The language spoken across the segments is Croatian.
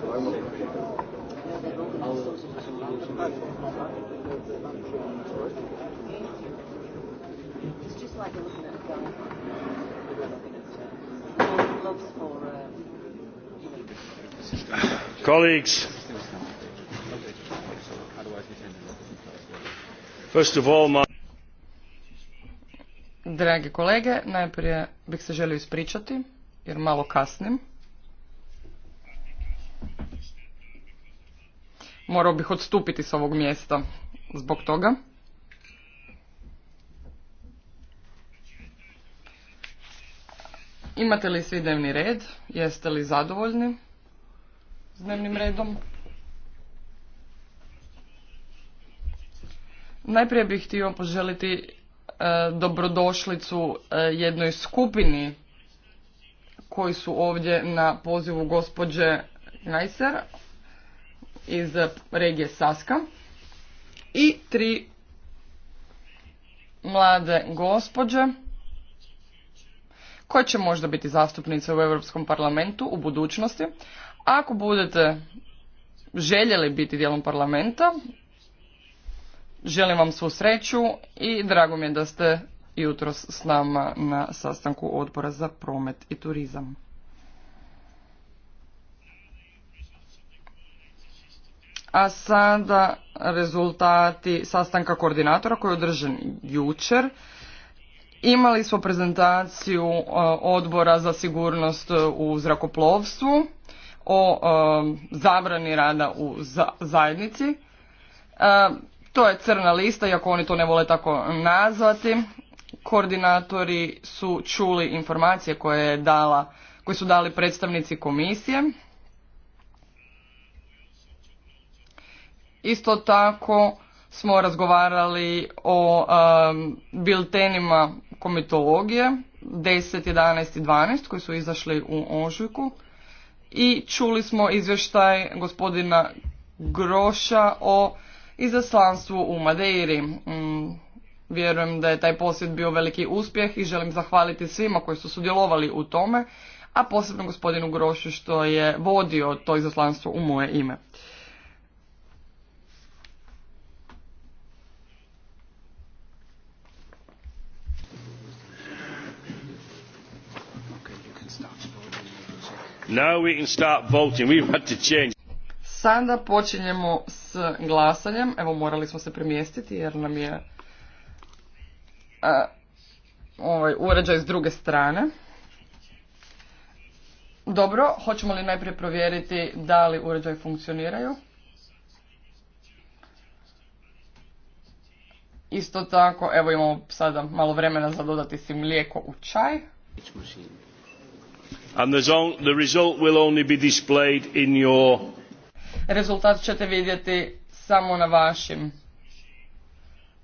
It's just like looking at colleagues. First of all, my... Dragi kolege, najprije bih se želio ispričati jer malo kasnim. morao bih odstupiti s ovog mjesta zbog toga. Imate li svi dnevni red? Jeste li zadovoljni s dnevnim redom? Najprije bih htio poželiti e, dobrodošlicu e, jednoj skupini koji su ovdje na pozivu gospođe Najser, iz regije Saska i tri mlade gospođe koje će možda biti zastupnice u Europskom parlamentu u budućnosti. Ako budete željeli biti dijelom parlamenta, želim vam svu sreću i drago mi je da ste jutros s nama na sastanku odbora za promet i turizam. A sada rezultati sastanka koordinatora koji je održan jučer. Imali smo prezentaciju e, odbora za sigurnost e, u zrakoplovstvu o e, zabrani rada u zajednici. To je crna lista, iako oni to ne vole tako nazvati. Koordinatori su čuli informacije koje je dala, koje su dali predstavnici komisije Isto tako smo razgovarali o um, biltenima komitologije 10, 11 i 12 koji su izašli u ožujku i čuli smo izvještaj gospodina Groša o izaslanstvu u Madeiri. Mm, vjerujem da je taj posjet bio veliki uspjeh i želim zahvaliti svima koji su sudjelovali u tome, a posebno gospodinu Grošu što je vodio to izaslanstvo u moje ime. Sada počinjemo s glasanjem. Evo morali smo se premjestiti jer nam je eh, ovaj uređaj s druge strane. Dobro, hoćemo li najprije provjeriti da li uređaj funkcioniraju? Isto tako, evo imamo sada malo vremena za dodati si mlijeko u čaj and the result will only be displayed in your rezultat ćete vidjeti samo na vašim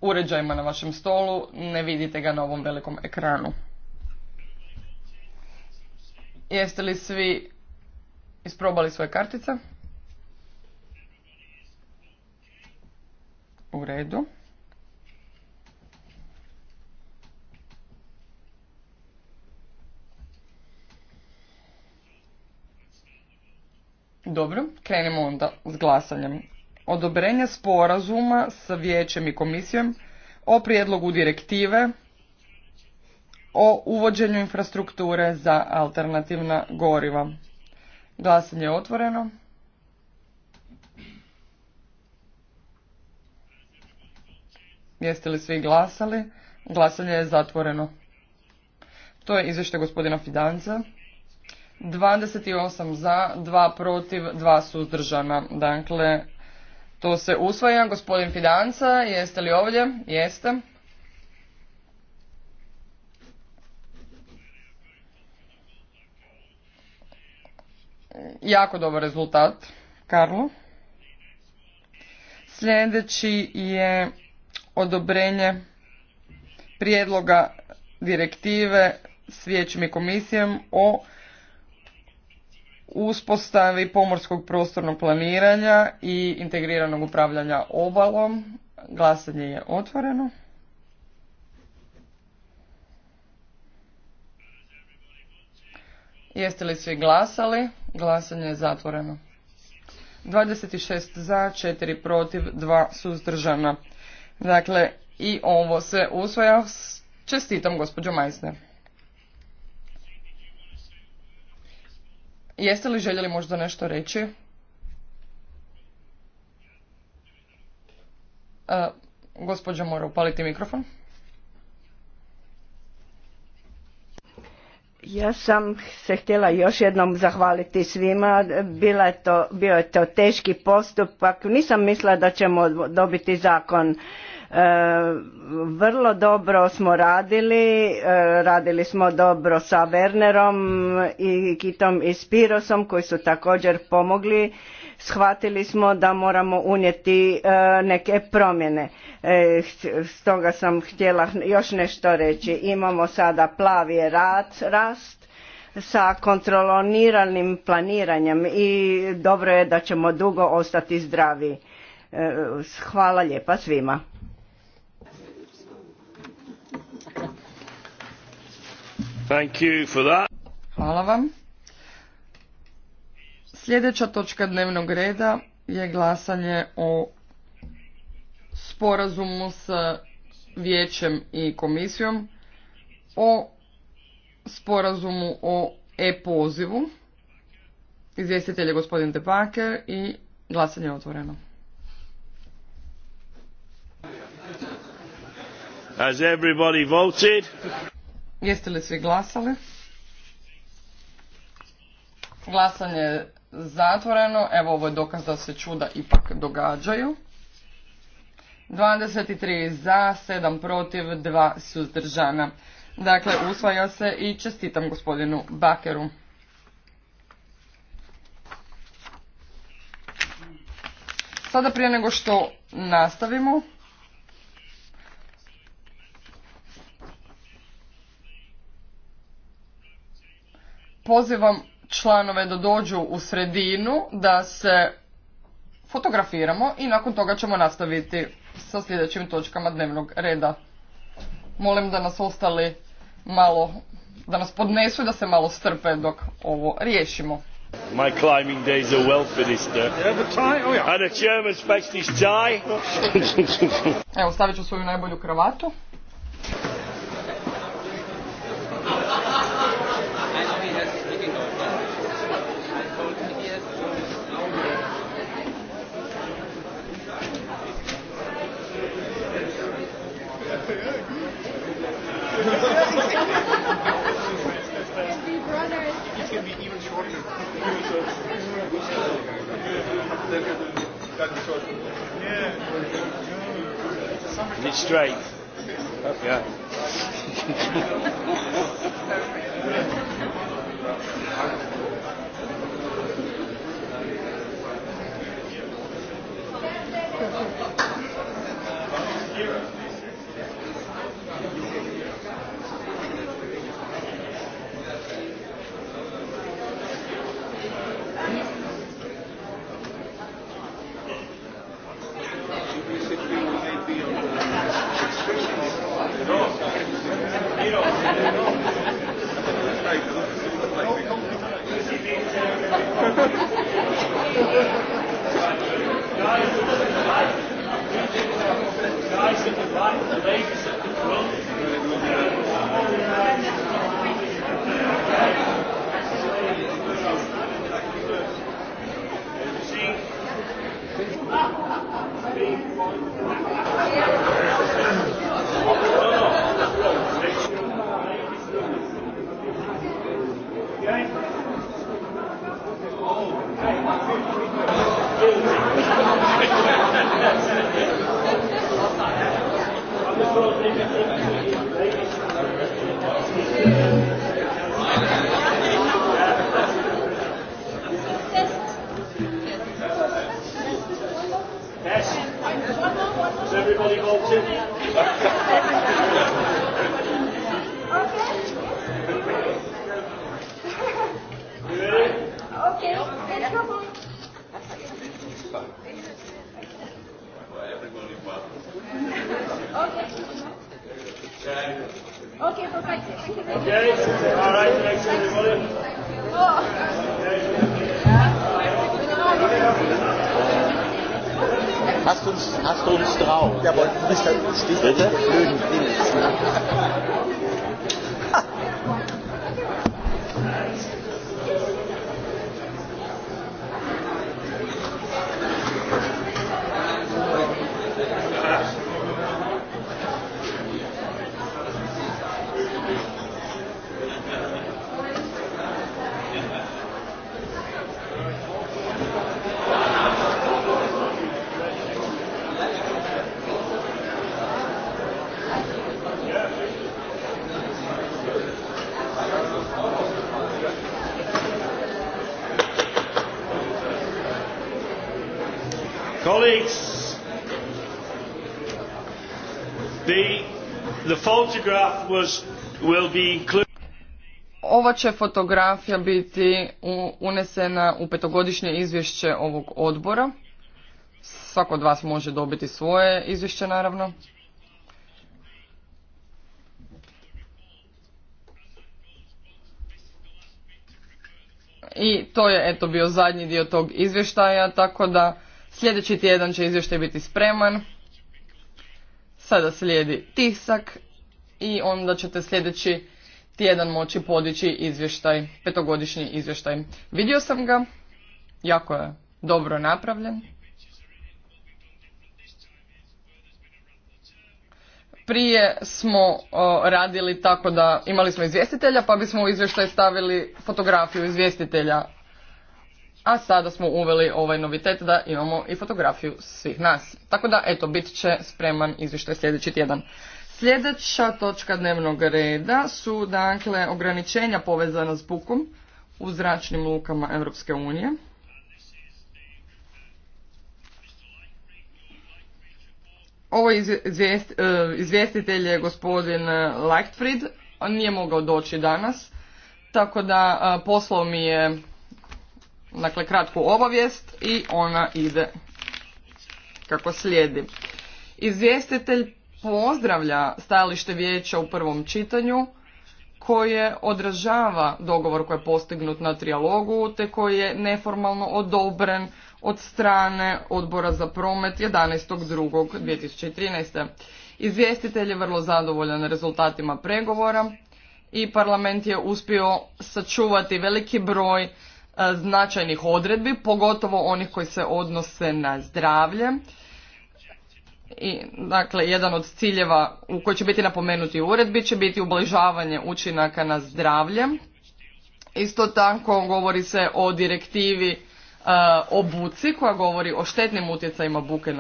uređajima na vašem stolu ne vidite ga na ovom velikom ekranu jeste li svi isprobali svoje kartice u redu Dobro, krenimo onda s glasanjem. Odobrenje sporazuma sa vijećem i komisijom o prijedlogu direktive o uvođenju infrastrukture za alternativna goriva. Glasanje je otvoreno. Jeste li svi glasali? Glasanje je zatvoreno. To je izvještaj gospodina Fidanza. 28 za, 2 protiv, 2 suzdržana. Dakle, to se usvaja. Gospodin Fidanca, jeste li ovdje? Jeste. Jako dobar rezultat, Karlo. Sljedeći je odobrenje prijedloga direktive s vijećim i komisijem o uspostavi pomorskog prostornog planiranja i integriranog upravljanja obalom. Glasanje je otvoreno. Jeste li svi glasali? Glasanje je zatvoreno. 26 za, 4 protiv, 2 suzdržana. Dakle, i ovo se usvaja. Čestitam gospođo Majsner. Jeste li željeli možda nešto reći? Gospodža e, gospođa mora upaliti mikrofon. Ja sam se htjela još jednom zahvaliti svima. Bila je to, bio je to teški postupak. Nisam mislila da ćemo dobiti zakon. E, vrlo dobro smo radili, e, radili smo dobro sa Wernerom i Kitom i Spirosom koji su također pomogli. Shvatili smo da moramo unijeti e, neke promjene. Stoga sam htjela još nešto reći. Imamo sada plavi rad, rast sa kontroloniranim planiranjem i dobro je da ćemo dugo ostati zdravi. Hvala lijepa svima. Hvala vam. Sljedeća točka dnevnog reda je glasanje o sporazumu s vijećem i komisijom o sporazumu o e-pozivu. Izvjestitelj je gospodin Debaker i glasanje je otvoreno. everybody voted? Jeste li svi glasali? Glasanje je zatvoreno. Evo ovo je dokaz da se čuda ipak događaju. 23 za, 7 protiv, 2 suzdržana. Dakle, usvaja se i čestitam gospodinu Bakeru. Sada prije nego što nastavimo, pozivam članove da dođu u sredinu, da se fotografiramo i nakon toga ćemo nastaviti sa sljedećim točkama dnevnog reda. Molim da nas ostali malo, da nas podnesu i da se malo strpe dok ovo riješimo. My climbing days well oh, And tie. Evo, stavit ću svoju najbolju kravatu. Is it straight? Oh, yeah. Ova će fotografija biti unesena u petogodišnje izvješće ovog odbora. Svako od vas može dobiti svoje izvješće, naravno. I to je eto bio zadnji dio tog izvještaja, tako da sljedeći tjedan će izvještaj biti spreman. Sada slijedi tisak i onda ćete sljedeći tjedan moći podići izvještaj, petogodišnji izvještaj. Vidio sam ga, jako je dobro napravljen. Prije smo radili tako da imali smo izvjestitelja pa bismo u izvještaj stavili fotografiju izvjestitelja. A sada smo uveli ovaj novitet da imamo i fotografiju svih nas. Tako da, eto, bit će spreman izvještaj sljedeći tjedan. Sljedeća točka dnevnog reda su dakle ograničenja povezana s bukom u zračnim lukama Europske unije. Ovo e, izvjestitelj je gospodin Leichtfried, on nije mogao doći danas, tako da e, poslao mi je dakle, kratku obavijest i ona ide kako slijedi. Izvjestitelj pozdravlja stajalište vijeća u prvom čitanju koje odražava dogovor koji je postignut na trijalogu te koji je neformalno odobren od strane odbora za promet 11.2.2013. Izvjestitelj je vrlo zadovoljan rezultatima pregovora i parlament je uspio sačuvati veliki broj e, značajnih odredbi, pogotovo onih koji se odnose na zdravlje i dakle jedan od ciljeva u koji će biti napomenuti uredbi će biti ublažavanje učinaka na zdravlje. Isto tako govori se o direktivi e, o buci koja govori o štetnim utjecajima buke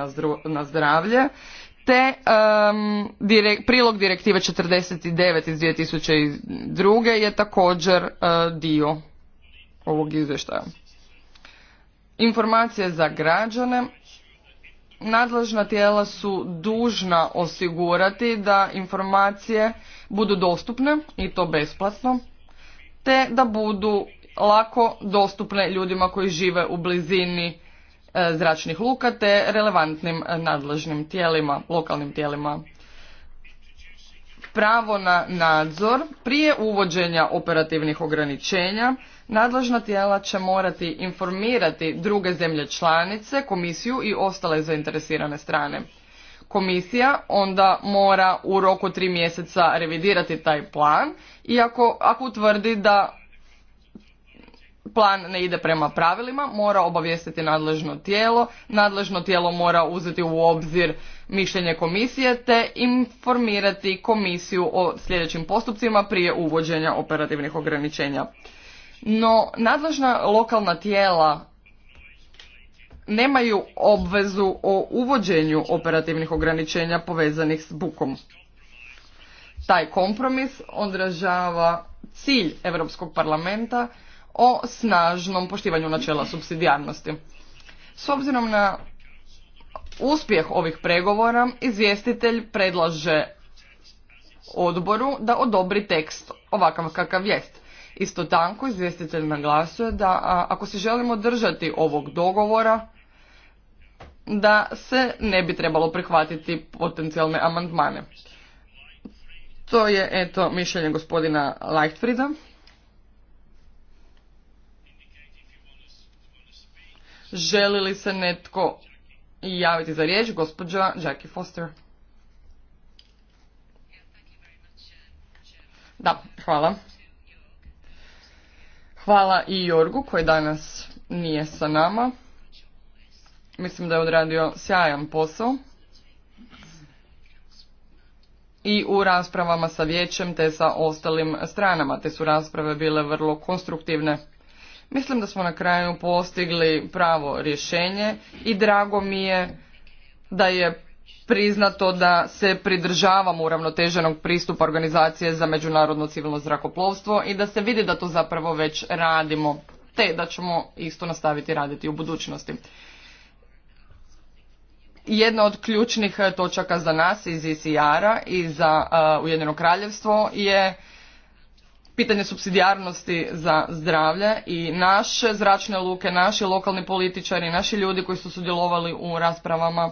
na, zdravlje te prilog direktive 49 iz 2002 je također e, dio ovog izvještaja. Informacije za građane nadležna tijela su dužna osigurati da informacije budu dostupne i to besplatno, te da budu lako dostupne ljudima koji žive u blizini e, zračnih luka te relevantnim e, nadležnim tijelima, lokalnim tijelima. Pravo na nadzor prije uvođenja operativnih ograničenja Nadležna tijela će morati informirati druge zemlje članice, komisiju i ostale zainteresirane strane. Komisija onda mora u roku tri mjeseca revidirati taj plan i ako, ako utvrdi da plan ne ide prema pravilima, mora obavijestiti nadležno tijelo, nadležno tijelo mora uzeti u obzir mišljenje komisije te informirati komisiju o sljedećim postupcima prije uvođenja operativnih ograničenja. No, nadležna lokalna tijela nemaju obvezu o uvođenju operativnih ograničenja povezanih s bukom. Taj kompromis odražava cilj Europskog parlamenta o snažnom poštivanju načela subsidijarnosti. S obzirom na uspjeh ovih pregovora, izvjestitelj predlaže odboru da odobri tekst ovakav kakav jest. Isto tako, izvjestitelj naglasuje da ako se želimo držati ovog dogovora, da se ne bi trebalo prihvatiti potencijalne amandmane. To je, eto, mišljenje gospodina Lightfrida. Želi li se netko javiti za riječ? Gospođa Jackie Foster. Da, hvala. Hvala i Jorgu koji danas nije sa nama. Mislim da je odradio sjajan posao. I u raspravama sa vijećem te sa ostalim stranama. Te su rasprave bile vrlo konstruktivne. Mislim da smo na kraju postigli pravo rješenje i drago mi je da je priznato da se pridržavamo uravnoteženog pristupa organizacije za međunarodno civilno zrakoplovstvo i da se vidi da to zapravo već radimo, te da ćemo isto nastaviti raditi u budućnosti. Jedna od ključnih eh, točaka za nas iz ICR-a e i za eh, Ujedinjeno kraljevstvo je pitanje subsidijarnosti za zdravlje i naše zračne luke, naši lokalni političari, naši ljudi koji su sudjelovali u raspravama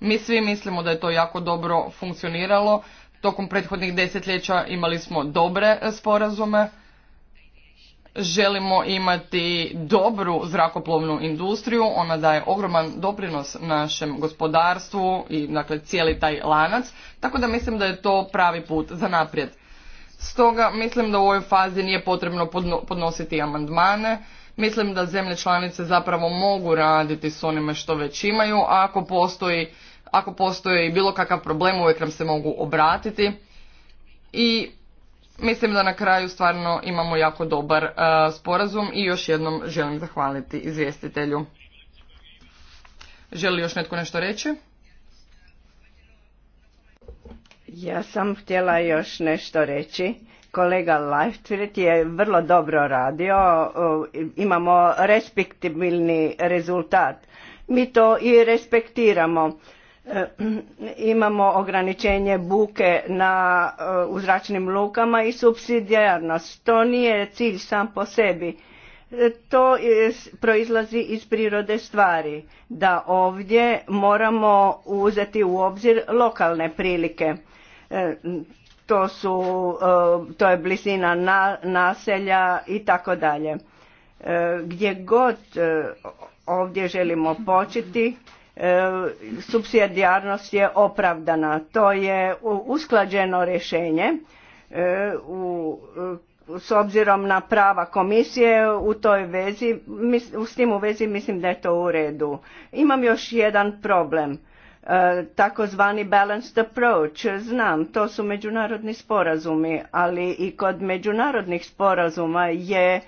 mi svi mislimo da je to jako dobro funkcioniralo. Tokom prethodnih desetljeća imali smo dobre sporazume. Želimo imati dobru zrakoplovnu industriju, ona daje ogroman doprinos našem gospodarstvu i dakle cijeli taj lanac, tako da mislim da je to pravi put za naprijed. Stoga mislim da u ovoj fazi nije potrebno podnositi amandmane Mislim da zemlje članice zapravo mogu raditi s onime što već imaju, a ako postoji, ako postoji bilo kakav problem uvijek nam se mogu obratiti. I mislim da na kraju stvarno imamo jako dobar e, sporazum i još jednom želim zahvaliti izvjestitelju. Želi još netko nešto reći? Ja sam htjela još nešto reći Kolega Leifert je vrlo dobro radio, imamo respektibilni rezultat. Mi to i respektiramo. E, imamo ograničenje buke na e, uzračnim lukama i subsidijarnost. To nije cilj sam po sebi. E, to proizlazi iz prirode stvari, da ovdje moramo uzeti u obzir lokalne prilike to su e, to je blizina naselja i tako dalje e, gdje god e, ovdje želimo početi subsidijarnost je opravdana to je usklađeno rješenje u s obzirom na prava komisije u toj vezi, mis, s tim u vezi mislim da je to u redu. Imam još jedan problem takozvani balanced approach. Znam, to su međunarodni sporazumi, ali i kod međunarodnih sporazuma je e,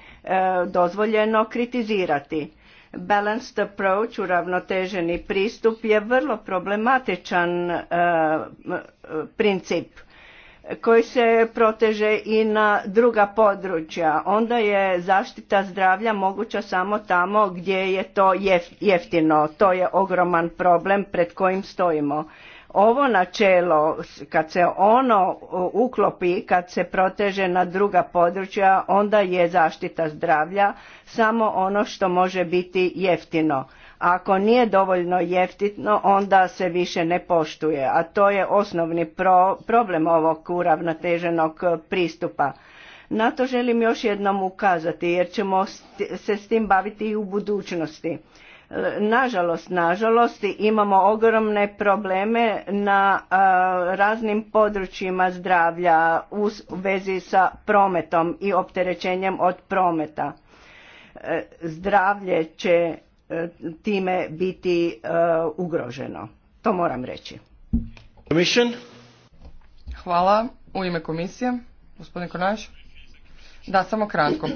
dozvoljeno kritizirati. Balanced approach, uravnoteženi pristup je vrlo problematičan e, e, princip koji se proteže i na druga područja. Onda je zaštita zdravlja moguća samo tamo gdje je to jeftino. To je ogroman problem pred kojim stojimo. Ovo načelo, kad se ono uklopi, kad se proteže na druga područja, onda je zaštita zdravlja samo ono što može biti jeftino ako nije dovoljno jeftitno, onda se više ne poštuje, a to je osnovni problem ovog uravnoteženog pristupa. Na to želim još jednom ukazati jer ćemo se s tim baviti i u budućnosti. E, nažalost, nažalost imamo ogromne probleme na e, raznim područjima zdravlja u vezi sa prometom i opterećenjem od prometa. E, zdravlje će E, time biti e, ugroženo. To moram reći. Commission. Hvala. U ime komisije, gospodin Konaš. Da, samo kratko.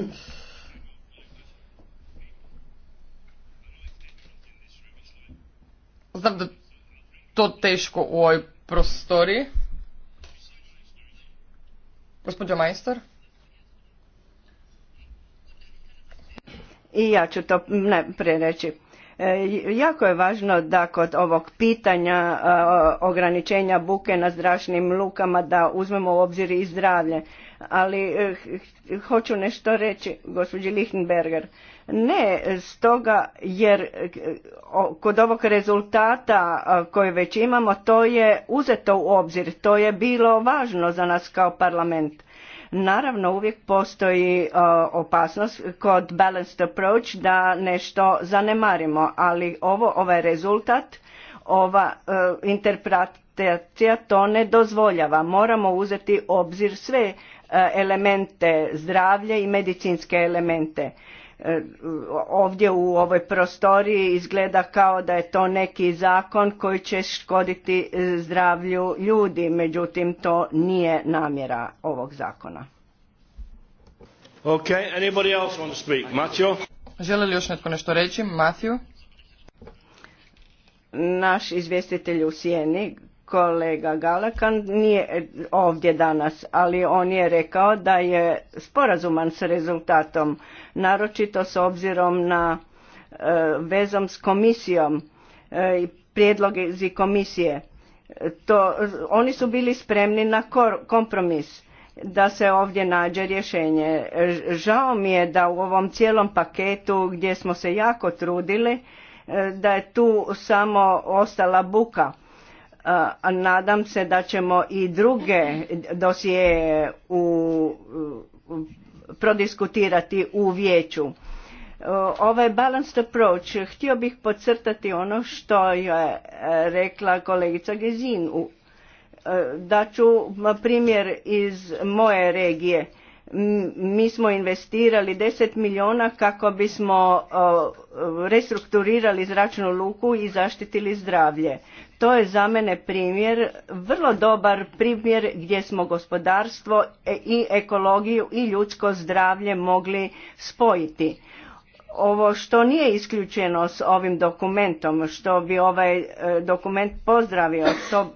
Znam da to teško u ovoj prostoriji. Gospodin majstor. i ja ću to prereći. reći. E, jako je važno da kod ovog pitanja e, ograničenja buke na zračnim lukama da uzmemo u obzir i zdravlje. Ali e, hoću nešto reći, gospođi Lichtenberger. Ne stoga jer kod ovog rezultata koje već imamo to je uzeto u obzir, to je bilo važno za nas kao parlament Naravno uvijek postoji e, opasnost kod balanced approach da nešto zanemarimo, ali ovo, ovaj rezultat, ova e, interpretacija to ne dozvoljava. Moramo uzeti obzir sve e, elemente zdravlje i medicinske elemente E, ovdje u ovoj prostoriji izgleda kao da je to neki zakon koji će škoditi e, zdravlju ljudi, međutim to nije namjera ovog zakona. Okay, anybody else want to speak? Matthew? Želi li još netko nešto reći? Matthew? Naš izvjestitelj u Sijeni, kolega Galakan nije ovdje danas, ali on je rekao da je sporazuman s rezultatom, naročito s obzirom na e, vezom s komisijom e, i iz komisije. To, oni su bili spremni na kompromis da se ovdje nađe rješenje. Žao mi je da u ovom cijelom paketu gdje smo se jako trudili, e, da je tu samo ostala buka a nadam se da ćemo i druge dosije u, prodiskutirati u vijeću. Ovaj balanced approach htio bih podcrtati ono što je e, rekla kolegica Gezin. E, da ću primjer iz moje regije. Mi smo investirali 10 milijuna kako bismo restrukturirali zračnu luku i zaštitili zdravlje. To je za mene primjer, vrlo dobar primjer gdje smo gospodarstvo i ekologiju i ljudsko zdravlje mogli spojiti. Ovo što nije isključeno s ovim dokumentom, što bi ovaj e, dokument pozdravio, to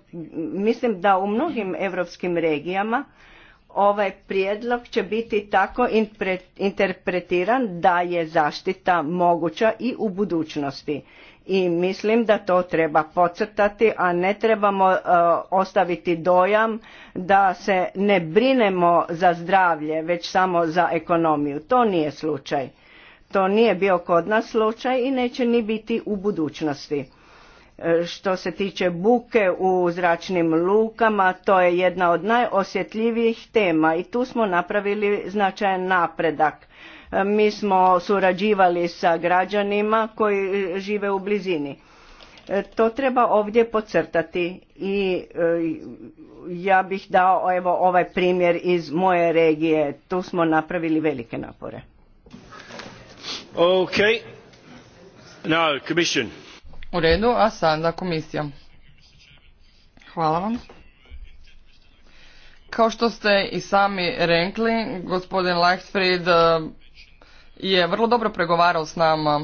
mislim da u mnogim europskim regijama ovaj prijedlog će biti tako interpretiran da je zaštita moguća i u budućnosti i mislim da to treba podcrtati, a ne trebamo e, ostaviti dojam da se ne brinemo za zdravlje, već samo za ekonomiju. To nije slučaj. To nije bio kod nas slučaj i neće ni biti u budućnosti. E, što se tiče buke u zračnim lukama, to je jedna od najosjetljivijih tema i tu smo napravili značajan napredak mi smo surađivali sa građanima koji žive u blizini. E, to treba ovdje podcrtati i e, ja bih dao evo ovaj primjer iz moje regije. Tu smo napravili velike napore. Now, commission. U redu, a sada komisija. Hvala vam. Kao što ste i sami rekli, gospodin Leichtfried je vrlo dobro pregovarao s nama.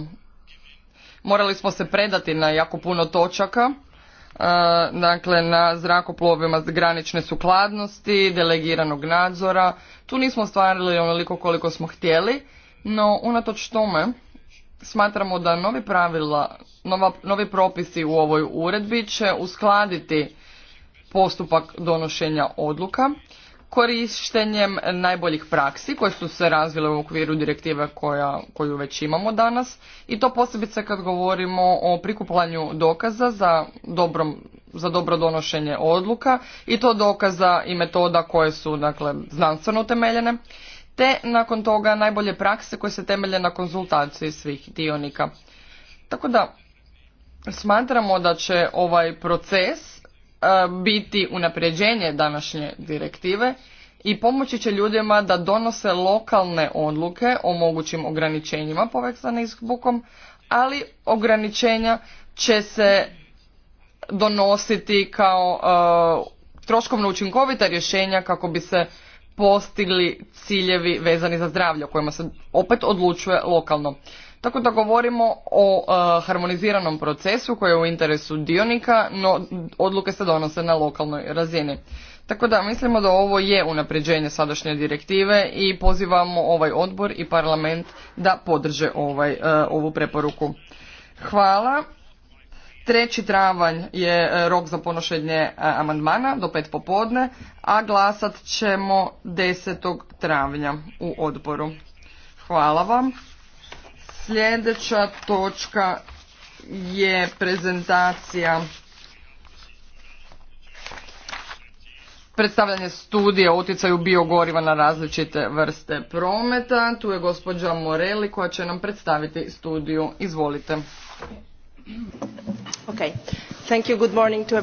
Morali smo se predati na jako puno točaka, e, dakle na zrakoplovima granične sukladnosti, delegiranog nadzora. Tu nismo stvarili onoliko koliko smo htjeli, no unatoč tome smatramo da novi pravila, nova, novi propisi u ovoj uredbi će uskladiti postupak donošenja odluka korištenjem najboljih praksi koje su se razvile u okviru direktive koja, koju već imamo danas i to posebice kad govorimo o prikupljanju dokaza za, dobrom, za dobro donošenje odluka i to dokaza i metoda koje su dakle, znanstveno utemeljene te nakon toga najbolje prakse koje se temelje na konzultaciji svih dionika. Tako da smatramo da će ovaj proces E, biti unapređenje današnje direktive i pomoći će ljudima da donose lokalne odluke o mogućim ograničenjima povezanih s bukom, ali ograničenja će se donositi kao e, troškovno učinkovita rješenja kako bi se postigli ciljevi vezani za zdravlje o kojima se opet odlučuje lokalno. Tako da govorimo o e, harmoniziranom procesu koji je u interesu dionika, no odluke se donose na lokalnoj razini. Tako da mislimo da ovo je unapređenje sadašnje direktive i pozivamo ovaj odbor i parlament da podrže ovaj, e, ovu preporuku. Hvala. Treći travanj je e, rok za ponošenje amandmana do pet popodne, a glasat ćemo 10. travnja u odboru. Hvala vam. Sljedeća točka je prezentacija predstavljanje studije o utjecaju biogoriva na različite vrste prometa. Tu je gospođa Moreli koja će nam predstaviti studiju. Izvolite. Okay. Thank you. Good morning to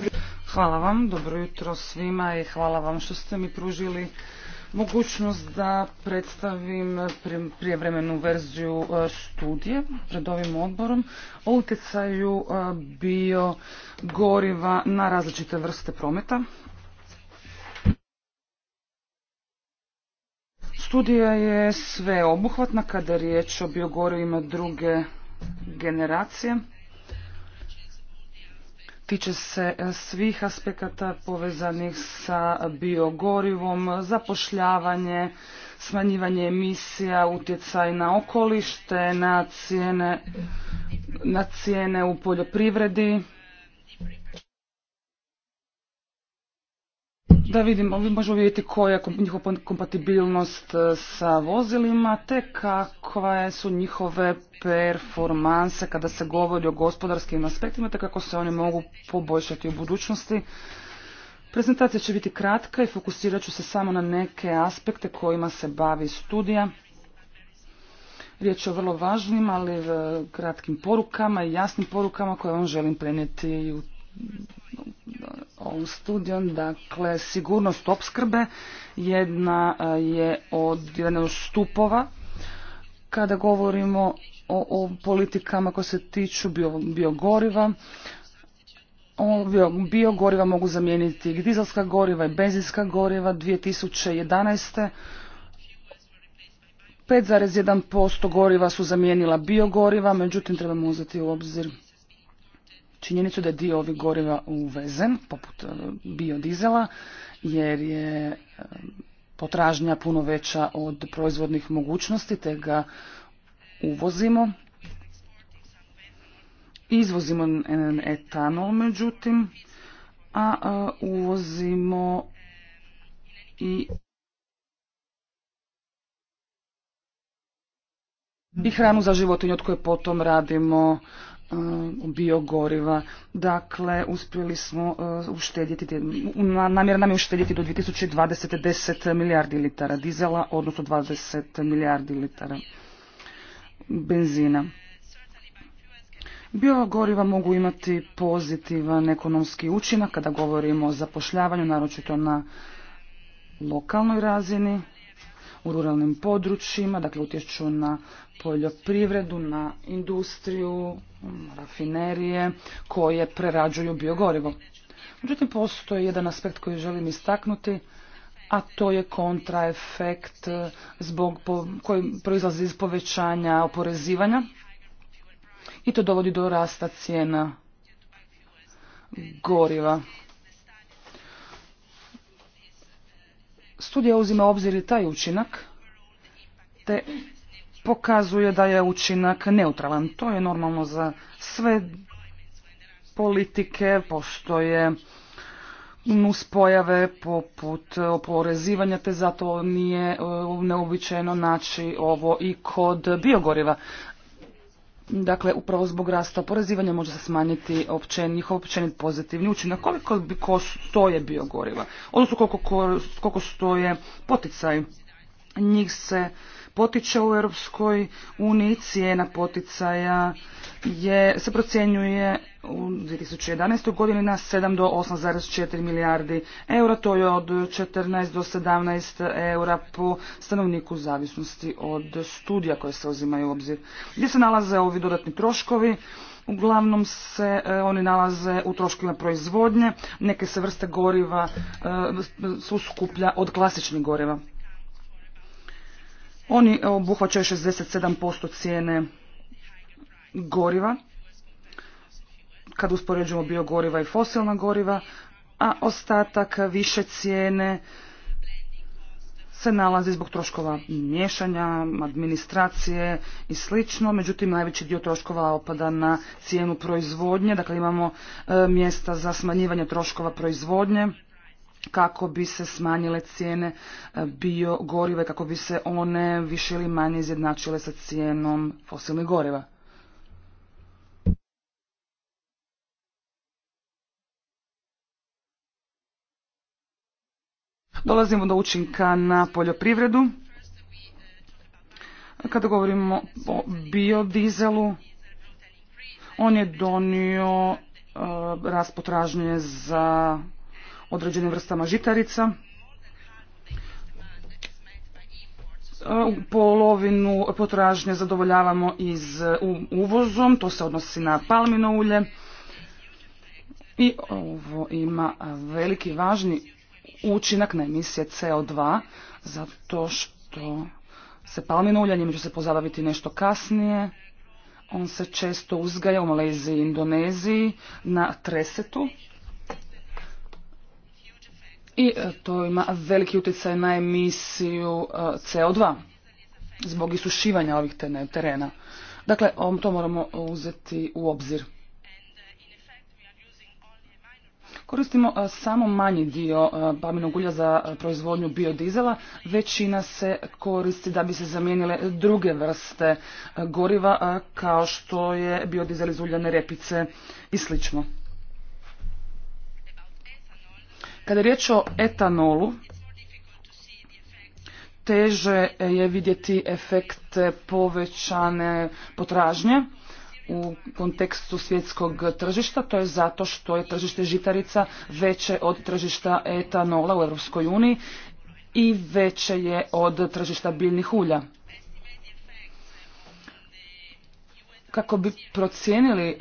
Hvala vam, dobro jutro svima i hvala vam što ste mi pružili mogućnost da predstavim prijevremenu verziju e, studije pred ovim odborom o utjecaju e, bio goriva na različite vrste prometa. Studija je sveobuhvatna kada je riječ o biogorivima druge generacije tiče se e, svih aspekata povezanih sa biogorivom, zapošljavanje, smanjivanje emisija, utjecaj na okolište, na cijene, na cijene u poljoprivredi. da vidimo, možemo vidjeti koja je njihova kompatibilnost e, sa vozilima, te kakva su njihove performanse kada se govori o gospodarskim aspektima, te kako se oni mogu poboljšati u budućnosti. Prezentacija će biti kratka i fokusirat ću se samo na neke aspekte kojima se bavi studija. Riječ je o vrlo važnim, ali e, kratkim porukama i jasnim porukama koje vam želim prenijeti u ovom studijom, dakle sigurnost opskrbe jedna je od jedan od stupova kada govorimo o, politikama koje se tiču biogoriva. Bio biogoriva bio mogu zamijeniti i dizelska goriva i benzinska goriva 2011. 5,1% goriva su zamijenila biogoriva, međutim trebamo uzeti u obzir činjenicu da je dio ovih goriva uvezen, poput e, biodizela, jer je e, potražnja puno veća od proizvodnih mogućnosti, te ga uvozimo. Izvozimo etanol, međutim, a e, uvozimo i i hranu za životinje od koje potom radimo Um, biogoriva. Dakle, uspjeli smo uh, uštedjeti, namjer nam je uštedjeti do 2020. 10 milijardi litara dizela, odnosno 20 milijardi litara benzina. Biogoriva mogu imati pozitivan ekonomski učinak kada govorimo o zapošljavanju, naročito na lokalnoj razini u ruralnim područjima, dakle utječu na poljoprivredu, na industriju, rafinerije koje prerađuju biogorivo. Međutim, postoji jedan aspekt koji želim istaknuti, a to je kontraefekt zbog po, koji proizlazi iz povećanja oporezivanja i to dovodi do rasta cijena goriva. Studija uzima obzir i taj učinak, te pokazuje da je učinak neutralan. To je normalno za sve politike, postoje pojave poput oporezivanja, te zato nije e, neobičajeno naći ovo i kod biogoriva. Dakle, upravo zbog rasta oporezivanja može se smanjiti općen, njihov općenit pozitivni učinak. Koliko bi ko stoje biogoriva? Odnosno koliko, koliko stoje poticaj? Njih se potiče u Europskoj uniji, cijena poticaja je, se procjenjuje u 2011. godini na 7 do 8,4 milijardi eura, to je od 14 do 17 eura po stanovniku u zavisnosti od studija koje se uzimaju u obzir. Gdje se nalaze ovi dodatni troškovi? Uglavnom se e, oni nalaze u troškovima proizvodnje, neke se vrste goriva e, su skuplja od klasičnih goriva. Oni obuhvaćaju 67% cijene goriva, kad uspoređujemo biogoriva i fosilna goriva, a ostatak više cijene se nalazi zbog troškova miješanja, administracije i slično. Međutim, najveći dio troškova opada na cijenu proizvodnje. Dakle, imamo e, mjesta za smanjivanje troškova proizvodnje kako bi se smanjile cijene e, i kako bi se one više ili manje izjednačile sa cijenom fosilnih goriva. Dolazimo do učinka na poljoprivredu. Kada govorimo o biodizelu, on je donio e, rast za određenim vrstama žitarica. Polovinu potražnje zadovoljavamo iz uvozom, to se odnosi na palmino ulje. I ovo ima veliki važni učinak na emisije CO2, zato što se palmino ulje, njim ću se pozabaviti nešto kasnije. On se često uzgaja u Maleziji i Indoneziji na tresetu i e, to ima veliki utjecaj na emisiju e, CO2 zbog isušivanja ovih terena. Dakle, to moramo uzeti u obzir. Koristimo e, samo manji dio paminog ulja za proizvodnju biodizela. Većina se koristi da bi se zamijenile druge vrste goriva kao što je biodizel iz uljane repice i slično. Kada je riječ o etanolu, teže je vidjeti efekt povećane potražnje u kontekstu svjetskog tržišta, to je zato što je tržište žitarica veće od tržišta etanola u EU i veće je od tržišta biljnih ulja. kako bi procijenili e,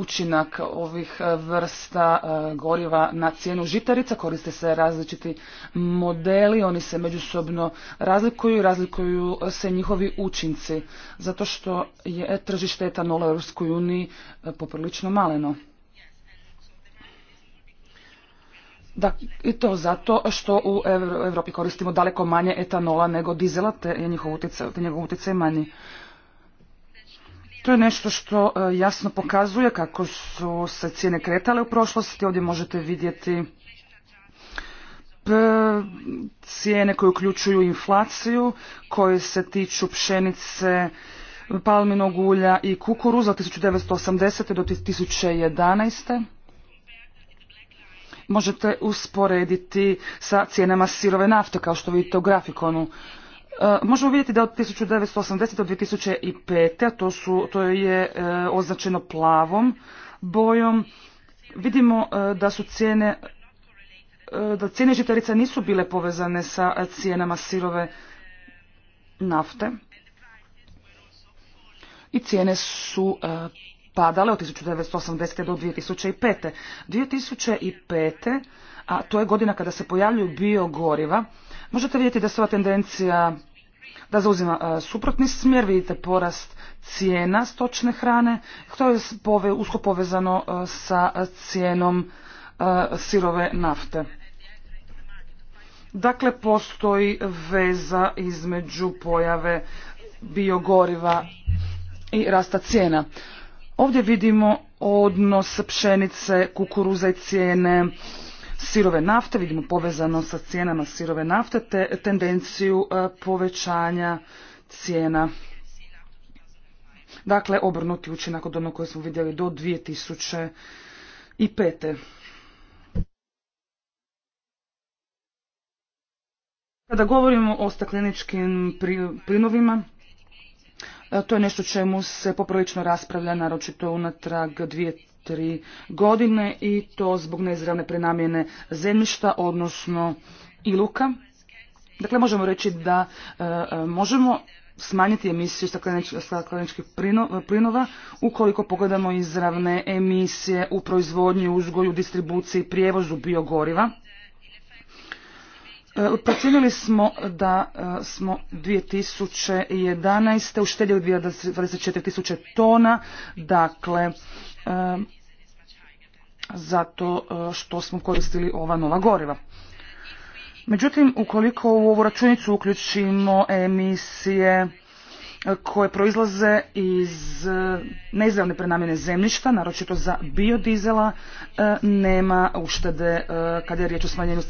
učinak ovih e, vrsta e, goriva na cijenu žitarica, koriste se različiti modeli, oni se međusobno razlikuju razlikuju se njihovi učinci, zato što je tržište etanola u EU poprilično maleno. Da, I to zato što u Europi koristimo daleko manje etanola nego dizela, te je njegov utjecaj manji. To je nešto što e, jasno pokazuje kako su se cijene kretale u prošlosti. Ovdje možete vidjeti cijene koje uključuju inflaciju, koje se tiču pšenice, palminog ulja i kukuruza 1980. do 2011. Možete usporediti sa cijenama sirove nafte, kao što vidite u grafikonu. E, možemo vidjeti da od 1980. do 2005. to, su, to je e, označeno plavom bojom. Vidimo e, da su cijene da cijene žitarica nisu bile povezane sa cijenama sirove nafte i cijene su padale od 1980. do 2005. 2005. a to je godina kada se pojavljuju biogoriva, možete vidjeti da se ova tendencija da zauzima e, suprotni smjer, vidite porast cijena stočne hrane, to je usko povezano e, sa cijenom e, sirove nafte. Dakle, postoji veza između pojave biogoriva i rasta cijena. Ovdje vidimo odnos pšenice, kukuruza i cijene sirove nafte, vidimo povezano sa cijenama sirove nafte, te tendenciju e, povećanja cijena. Dakle, obrnuti učinak od onog koje smo vidjeli do 2005. Kada govorimo o stakleničkim plinovima, e, to je nešto čemu se poprilično raspravlja, naročito unatrag dvije tri godine i to zbog neizravne prenamjene zemljišta, odnosno iluka. Dakle, možemo reći da e, e, možemo smanjiti emisiju stakleničkih plinova ukoliko pogledamo izravne emisije u proizvodnji, uzgoju, distribuciji, prijevozu biogoriva E, procijenili smo da e, smo 2011. uštedjeli 24 tisuće tona, dakle, e, zato što smo koristili ova nova goriva. Međutim, ukoliko u ovu računicu uključimo emisije koje proizlaze iz e, neizravne prenamjene zemljišta, naročito za biodizela, e, nema uštede e, kada je riječ o smanjenju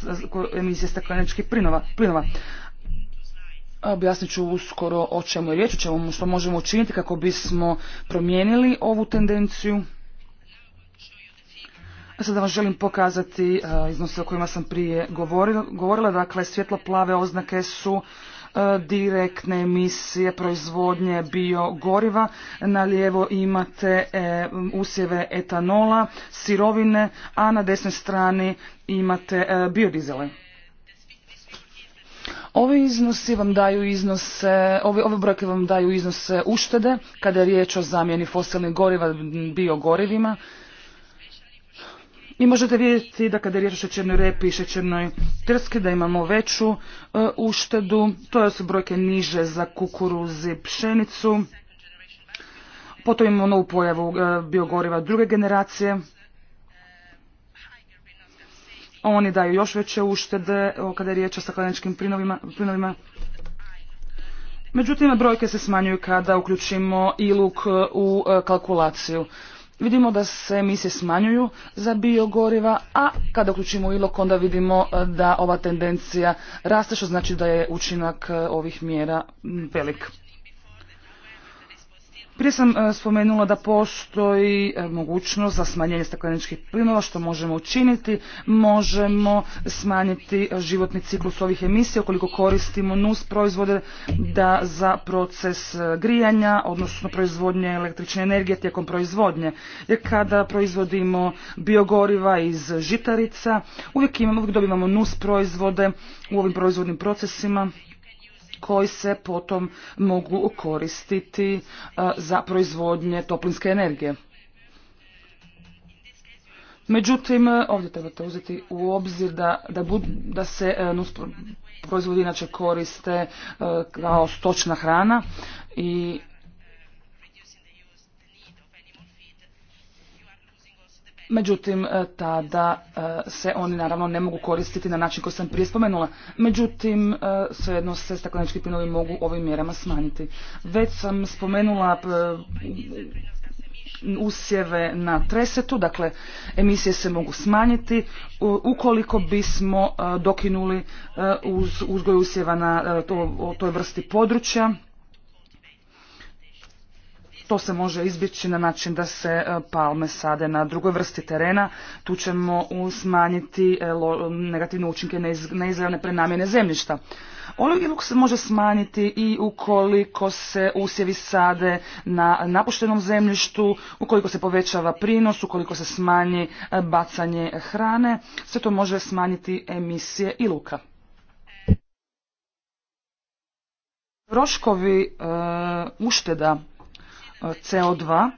emisije stakleničkih plinova. Objasnit ću uskoro o čemu je riječ, o čemu što možemo učiniti kako bismo promijenili ovu tendenciju. Sada vam želim pokazati iznose o kojima sam prije govorila. Dakle, svjetlo plave oznake su E, direktne emisije proizvodnje biogoriva. Na lijevo imate e, usjeve etanola, sirovine, a na desnoj strani imate e, biodizele. Ovi iznosi vam daju iznose, ove, ove brojke vam daju iznose uštede kada je riječ o zamjeni fosilnih goriva biogorivima. I možete vidjeti da kada je riječ o šećernoj repi i šećernoj trski da imamo veću e, uštedu. To su brojke niže za kukuruz i pšenicu. Potom imamo novu pojavu e, biogoriva druge generacije. Oni daju još veće uštede kada je riječ o stakleničkim plinovima. Međutim, brojke se smanjuju kada uključimo iluk e, u kalkulaciju vidimo da se emisije smanjuju za biogoriva, a kada uključimo ilok onda vidimo e, da ova tendencija raste, što znači da je učinak e, ovih mjera velik. Prije sam e, spomenula da postoji e, mogućnost za smanjenje stakleničkih plinova, što možemo učiniti. Možemo smanjiti e, životni ciklus ovih emisija ukoliko koristimo NUS proizvode da za proces grijanja, odnosno proizvodnje električne energije tijekom proizvodnje. Jer kada proizvodimo biogoriva iz žitarica, uvijek, imamo, uvijek dobivamo NUS proizvode u ovim proizvodnim procesima koji se potom mogu koristiti e, za proizvodnje toplinske energije. Međutim, ovdje trebate uzeti u obzir da, da, se e, nus, proizvodi inače koriste e, kao stočna hrana i Međutim, e, tada e, se oni naravno ne mogu koristiti na način koji sam prije spomenula. Međutim, e, svejedno se staklenički plinovi mogu ovim mjerama smanjiti. Već sam spomenula usjeve na tresetu, dakle emisije se mogu smanjiti ukoliko bismo dokinuli uz uzgoj usjeva na toj vrsti područja to se može izbjeći na način da se e, palme sade na drugoj vrsti terena. Tu ćemo smanjiti e, negativne učinke neizravne prenamjene zemljišta. Iluk ono se može smanjiti i ukoliko se usjevi sade na napuštenom zemljištu, ukoliko se povećava prinos, ukoliko se smanji e, bacanje hrane, sve to može smanjiti emisije i luka. Troškovi ušteda CO2.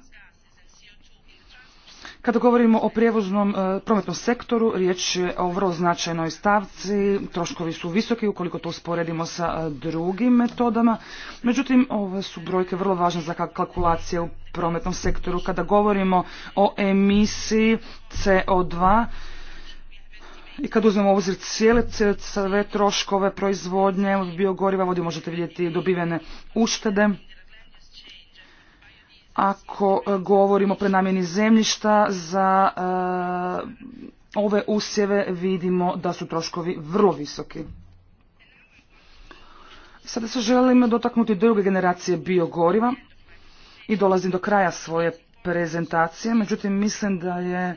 Kada govorimo o prijevoznom e, prometnom sektoru, riječ je o vrlo značajnoj stavci, troškovi su visoki ukoliko to usporedimo sa e, drugim metodama, međutim ove su brojke vrlo važne za kalkulacije u prometnom sektoru. Kada govorimo o emisiji CO2, i kad uzmemo u obzir cijele, troškove proizvodnje biogoriva, ovdje možete vidjeti dobivene uštede ako e, govorimo o prenamjeni zemljišta za e, ove usjeve vidimo da su troškovi vrlo visoki. Sada se želim dotaknuti druge generacije biogoriva i dolazim do kraja svoje prezentacije, međutim mislim da je e,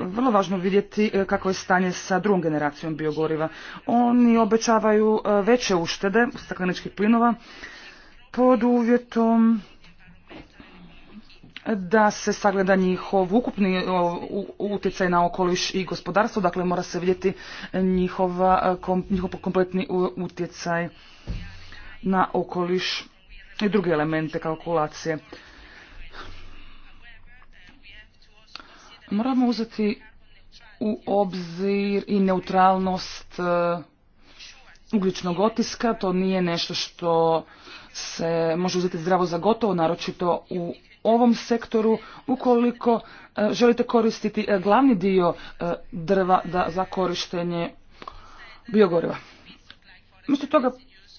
vrlo važno vidjeti kako je stanje sa drugom generacijom biogoriva. Oni obećavaju veće uštede stakleničkih plinova pod uvjetom da se sagleda njihov ukupni e, utjecaj na okoliš i gospodarstvo, dakle mora se vidjeti njihova, e, njihov kompletni utjecaj na okoliš i druge elemente kalkulacije. Moramo uzeti u obzir i neutralnost e, ugljičnog otiska, to nije nešto što se može uzeti zdravo za gotovo, naročito u ovom sektoru ukoliko e, želite koristiti e, glavni dio e, drva za korištenje biogoriva. Umjesto toga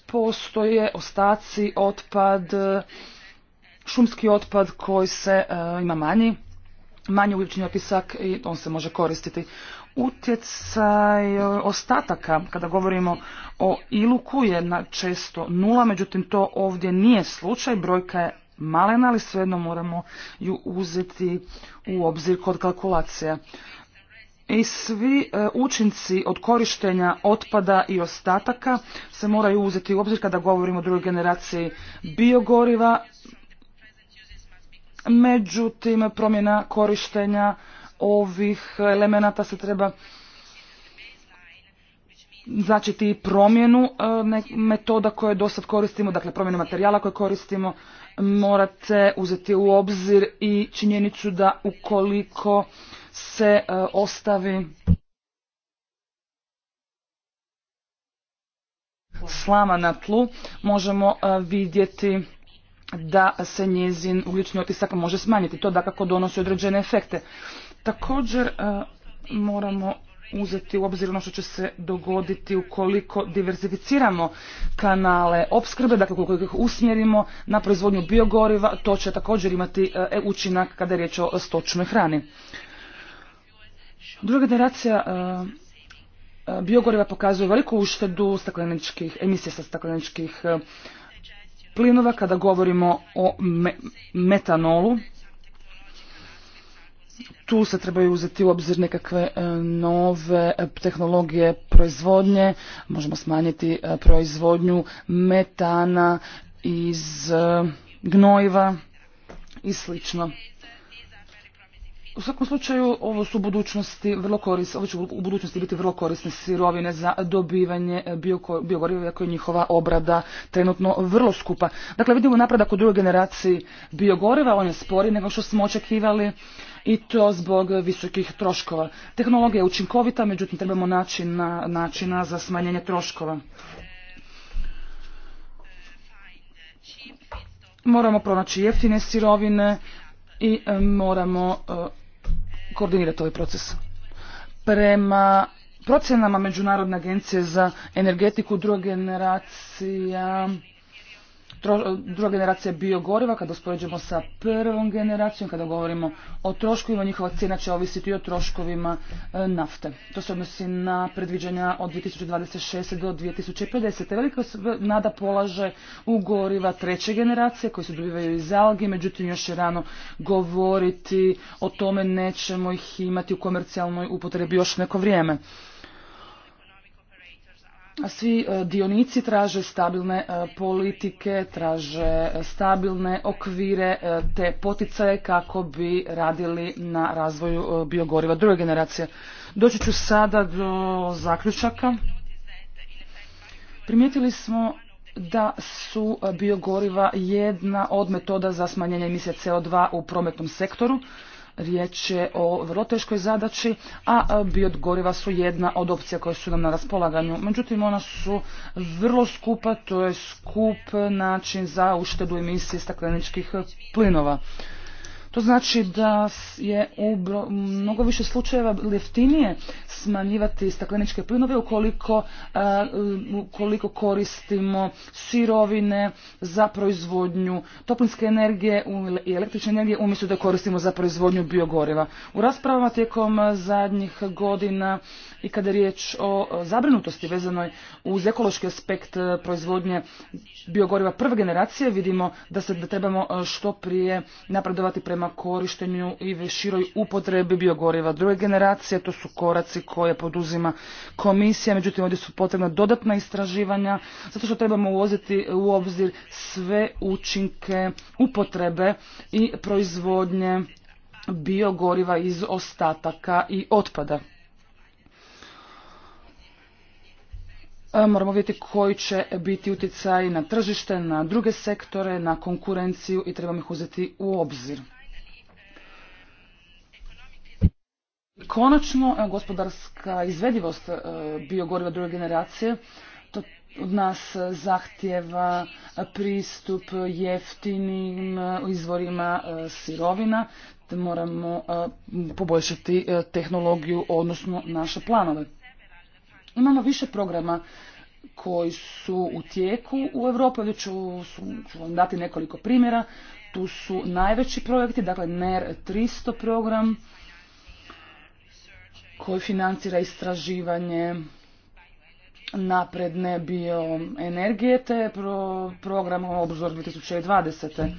postoje ostaci, otpad, šumski otpad koji se ima manji, manji ugljični opisak i on se može koristiti. Utjecaj ostataka, kada govorimo o iluku, je često nula, međutim to ovdje nije slučaj, brojka je malena, ali svejedno moramo ju uzeti u obzir kod kalkulacija. I svi e, učinci od korištenja otpada i ostataka se moraju uzeti u obzir kada govorimo o drugoj generaciji biogoriva. Međutim, promjena korištenja ovih elemenata se treba značiti i promjenu e, metoda koje do sad koristimo, dakle promjenu materijala koje koristimo, morate uzeti u obzir i činjenicu da ukoliko se e, ostavi slama na tlu možemo e, vidjeti da se njezin ugljični otisak može smanjiti. To dakako donosi određene efekte. Također e, moramo uzeti u obzir ono što će se dogoditi ukoliko diversificiramo kanale opskrbe, dakle ukoliko ih usmjerimo na proizvodnju biogoriva, to će također imati e, učinak kada je riječ o stočnoj hrani. Druga generacija e, e, biogoriva pokazuje veliku uštedu stakleničkih, emisija sa stakleničkih plinova kada govorimo o metanolu tu se trebaju uzeti u obzir nekakve e, nove e, tehnologije proizvodnje, možemo smanjiti e, proizvodnju metana iz gnojiva i slično. U svakom slučaju ovo su u budućnosti vrlo korisne, će u budućnosti biti vrlo korisne sirovine za dobivanje biogoriva iako je njihova obrada trenutno vrlo skupa. Dakle vidimo napredak u drugoj generaciji biogoriva, on je spori nego što smo očekivali, i to zbog visokih troškova. Tehnologija je učinkovita, međutim trebamo načina za smanjenje troškova. Moramo pronaći jeftine sirovine i e, moramo e, koordinirati ovaj proces. Prema procjenama Međunarodne agencije za energetiku druga generacija druga generacija biogoriva, kada uspoređujemo sa prvom generacijom, kada govorimo o troškovima, njihova cijena će ovisiti i o troškovima e, nafte. To se odnosi na predviđanja od 2026. do 2050. Velika nada polaže u goriva treće generacije koji se dobivaju iz algi, međutim još je rano govoriti o tome nećemo ih imati u komercijalnoj upotrebi još neko vrijeme svi e, dionici traže stabilne e, politike, traže stabilne okvire e, te poticaje kako bi radili na razvoju biogoriva druge generacije. Doći ću sada do zaključaka. Primijetili smo da su biogoriva jedna od metoda za smanjenje emisije CO2 u prometnom sektoru. Riječ je o vrlo teškoj zadaći, a biodgoriva su jedna od opcija koje su nam na raspolaganju. Međutim, ona su vrlo skupa, to je skup način za uštedu emisije stakleničkih plinova. To znači da je u mnogo više slučajeva jeftinije smanjivati stakleničke plinove ukoliko, uh, koristimo sirovine za proizvodnju toplinske energije i električne energije umjesto da koristimo za proizvodnju biogoriva. U raspravama tijekom e, zadnjih godina i kada je riječ o zabrinutosti vezanoj uz ekološki aspekt e, proizvodnje biogoriva prve generacije, vidimo da se trebamo e, što prije napredovati prema korištenju i široj upotrebi biogoriva druge generacije. To su koraci koje poduzima komisija, međutim ovdje su potrebna dodatna istraživanja, zato što trebamo uvoziti u obzir sve učinke upotrebe i proizvodnje biogoriva iz ostataka i otpada. E, moramo vidjeti koji će biti utjecaj na tržište, na druge sektore, na konkurenciju i trebamo ih uzeti u obzir. Konačno, gospodarska izvedivost e, biogoriva druge generacije to od nas zahtjeva pristup jeftinim e, izvorima sirovina, te moramo poboljšati tehnologiju, odnosno naše planove. Imamo više programa koji su u tijeku u Europi, ovdje ću, vam dati nekoliko primjera. Tu su najveći projekti, dakle NER 300 program koji financira istraživanje napredne bioenergije te pro, program Obzor 2020.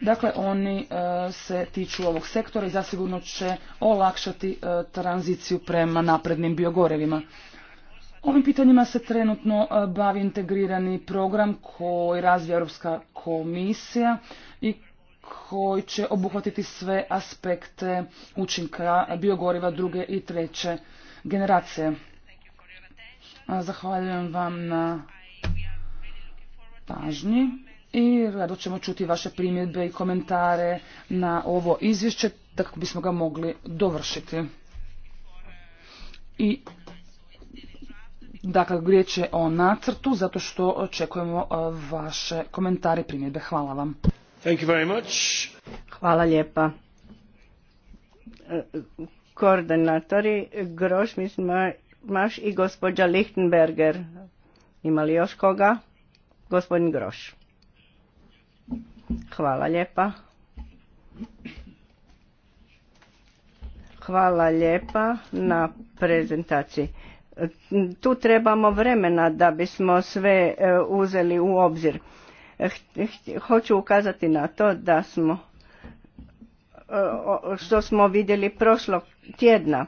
Dakle, oni e, se tiču ovog sektora i zasigurno će olakšati e, tranziciju prema naprednim biogorevima. Ovim pitanjima se trenutno e, bavi integrirani program koji razvija Europska komisija i koji će obuhvatiti sve aspekte učinka biogoriva druge i treće generacije. E, zahvaljujem vam na pažnji i rado ćemo čuti vaše primjedbe i komentare na ovo izvješće kako bismo ga mogli dovršiti. I Dakle, riječ je o nacrtu, zato što očekujemo e, vaše komentare i primjedbe. Hvala vam. Thank you very much. Hvala lijepa. E, koordinatori Groš, Maš i gospođa Lichtenberger. Ima li još koga? Gospodin Groš. Hvala lijepa. Hvala lijepa na prezentaciji. Tu trebamo vremena da bismo sve e, uzeli u obzir. Hoću ukazati na to da smo, e, što smo vidjeli prošlog tjedna,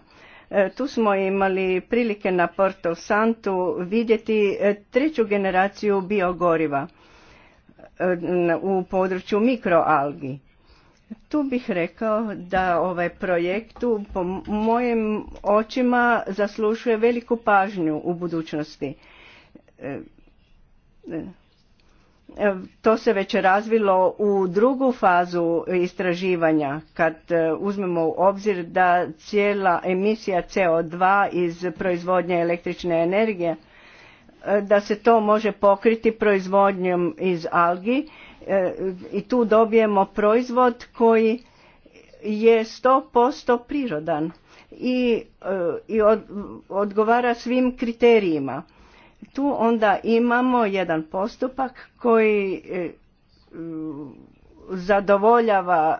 e, tu smo imali prilike na Porto Santu vidjeti treću generaciju biogoriva u području mikroalgi. Tu bih rekao da ovaj projekt u po mojim očima zaslušuje veliku pažnju u budućnosti. E, e, to se već razvilo u drugu fazu istraživanja kad e, uzmemo u obzir da cijela emisija CO2 iz proizvodnje električne energije da se to može pokriti proizvodnjom iz algi E, i tu dobijemo proizvod koji je 100% prirodan i, e, i odgovara svim kriterijima. Tu onda imamo jedan postupak koji e, zadovoljava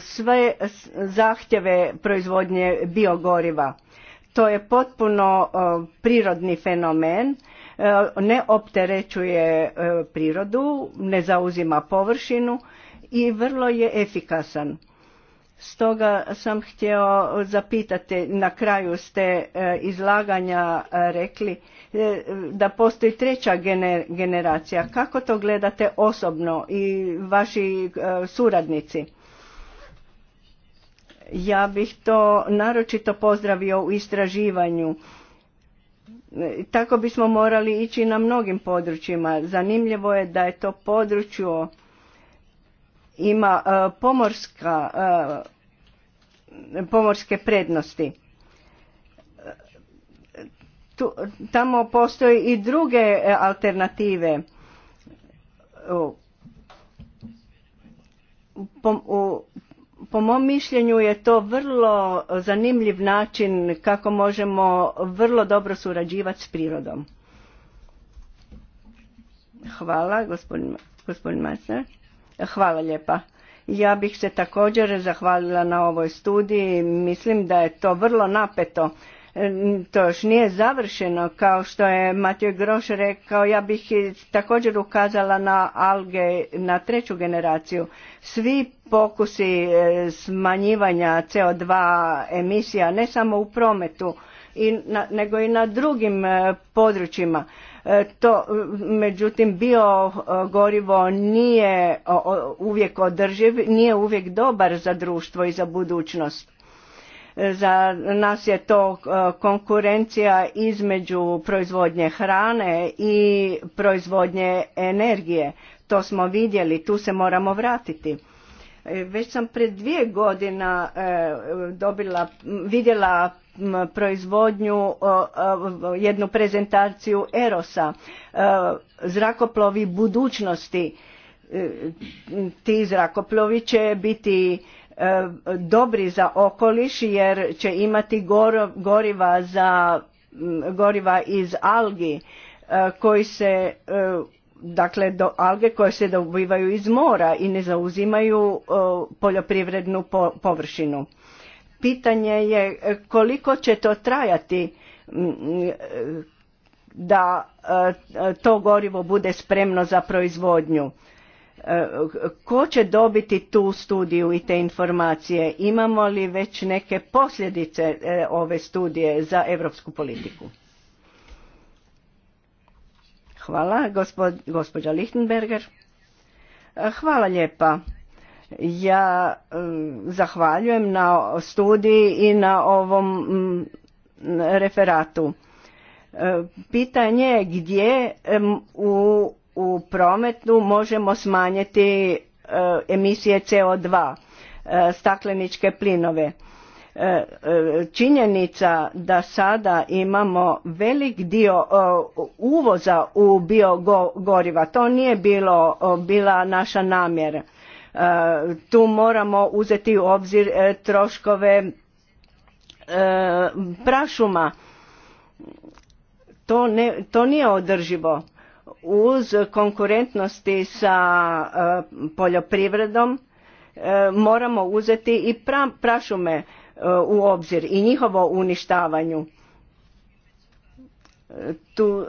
sve zahtjeve proizvodnje biogoriva. To je potpuno prirodni fenomen E, ne opterećuje e, prirodu, ne zauzima površinu i vrlo je efikasan. Stoga sam htio zapitati, na kraju ste e, izlaganja rekli da postoji treća generacija. Kako to gledate osobno i vaši suradnici? Ja bih to naročito pozdravio u istraživanju tako bismo morali ići na mnogim područjima. Zanimljivo je da je to područje ima e, pomorska, e, pomorske prednosti. tamo postoje i druge e, alternative. U po mom mišljenju je to vrlo zanimljiv način kako možemo vrlo dobro surađivati s prirodom. Hvala, gospodin, gospodin Masner. Hvala lijepa. Ja bih se također zahvalila na ovoj studiji. Mislim da je to vrlo napeto to još nije završeno kao što je Matjoj Groš rekao ja bih također ukazala na alge na treću generaciju svi pokusi e, smanjivanja CO2 emisija ne samo u prometu i nego i na drugim e, područjima e, to međutim bio gorivo nije uvijek održiv nije uvijek dobar za društvo i za budućnost za nas je to e, konkurencija između proizvodnje hrane i proizvodnje energije. To smo vidjeli, tu se moramo vratiti. E, već sam pred dvije godina e, dobila, vidjela proizvodnju, jednu prezentaciju Erosa, zrakoplovi budućnosti. Ti zrakoplovi će biti dobri za okoliš jer će imati goriva za goriva iz algi e, koji se e, dakle do alge koje se dobivaju iz mora i ne zauzimaju e, poljoprivrednu površinu pitanje je koliko će to trajati da to gorivo bude spremno za proizvodnju Ko će dobiti tu studiju i te informacije? Imamo li već neke posljedice e, ove studije za europsku politiku? Hvala, gospođa Lichtenberger. E, hvala lijepa. Ja e, zahvaljujem na studiji i na ovom referatu. Pitanje je gdje u u prometu možemo smanjiti e, emisije CO2, e, stakleničke plinove. E, činjenica da sada imamo velik dio uvoza u biogoriva, to nije bilo, bila naša namjera. Tu moramo uzeti u obzir troškove prašuma. To, ne, to nije održivo uz konkurentnosti sa e, poljoprivredom e, moramo uzeti i prašume e, u obzir i njihovo uništavanju. Tu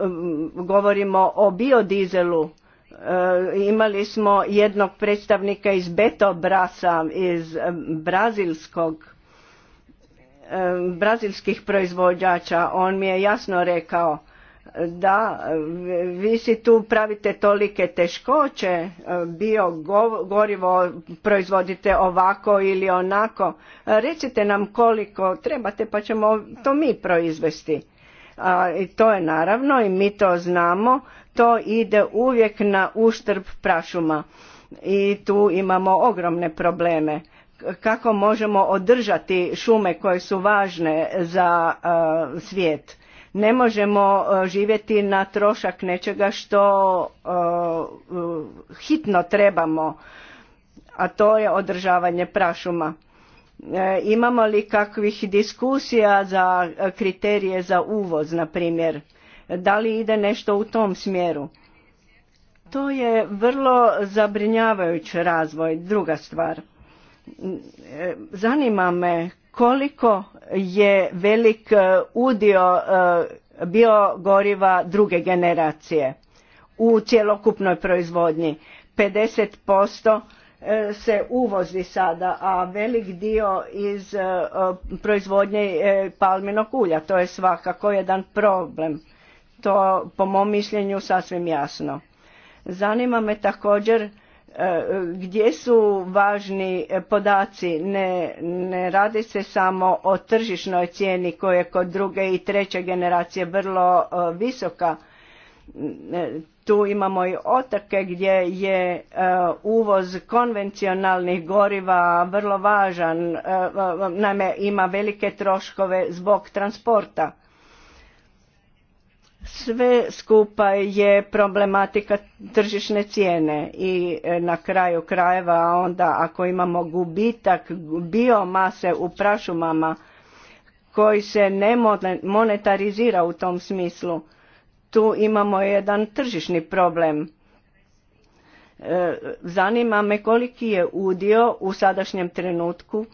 govorimo o biodizelu. Imali smo jednog predstavnika iz Betobrasa, iz brazilskog brazilskih proizvođača. On mi je jasno rekao da vi si tu pravite tolike teškoće, e, bio gorivo proizvodite ovako ili onako, e, recite nam koliko trebate pa ćemo to mi proizvesti. I to je naravno i mi to znamo, to ide uvijek na uštrb prašuma i tu imamo ogromne probleme. Kako možemo održati šume koje su važne za e, svijet? Ne možemo e, živjeti na trošak nečega što e, hitno trebamo, a to je održavanje prašuma. E, imamo li kakvih diskusija za kriterije za uvoz, na primjer? Da li ide nešto u tom smjeru? To je vrlo zabrinjavajući razvoj. Druga stvar, zanima me koliko je velik e, udio e, biogoriva druge generacije u cjelokupnoj proizvodnji. 50% e, se uvozi sada, a velik dio iz proizvodnje palminog ulja. To je svakako jedan problem. To po mom mišljenju sasvim jasno. Zanima me također gdje su važni podaci ne, ne radi se samo o tržišnoj cijeni koja je kod druge i treće generacije vrlo e, visoka e, tu imamo i otoke gdje je e, uvoz konvencionalnih goriva vrlo važan naime ima velike troškove zbog transporta sve skupa je problematika tržišne cijene i e, na kraju krajeva onda ako imamo gubitak biomase u prašumama koji se ne monetarizira u tom smislu, tu imamo jedan tržišni problem. E, zanima me koliki je udio u sadašnjem trenutku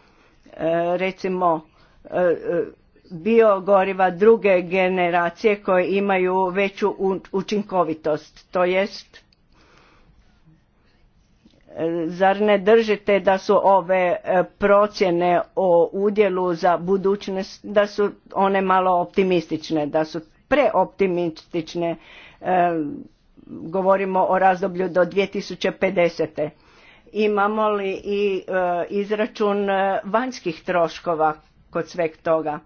e, recimo biogoriva druge generacije koje imaju veću učinkovitost. To jest, zar ne držite da su ove e, procjene o udjelu za budućnost, da su one malo optimistične, da su preoptimistične, e, govorimo o razdoblju do 2050 imamo li i e, izračun vanjskih troškova kod sveg toga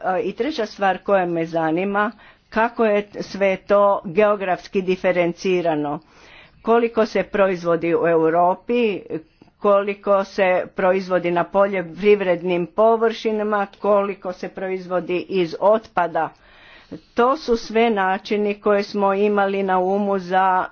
E, I treća stvar koja me zanima, kako je sve to geografski diferencirano. Koliko se proizvodi u Europi, koliko se proizvodi na poljoprivrednim površinama, koliko se proizvodi iz otpada to su sve načini koje smo imali na umu za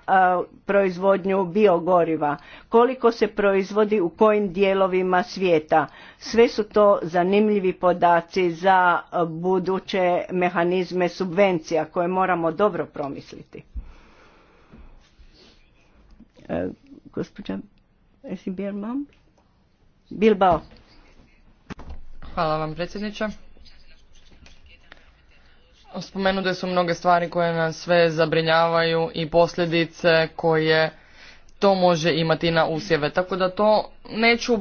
proizvodnju biogoriva. Koliko se proizvodi u kojim dijelovima svijeta. Sve su to zanimljivi podaci za buduće mehanizme subvencija koje moramo dobro promisliti. E, Bilbao. Hvala vam predsjedniče. Spomenute su mnoge stvari koje nas sve zabrinjavaju i posljedice koje to može imati na usjeve. Tako da to neću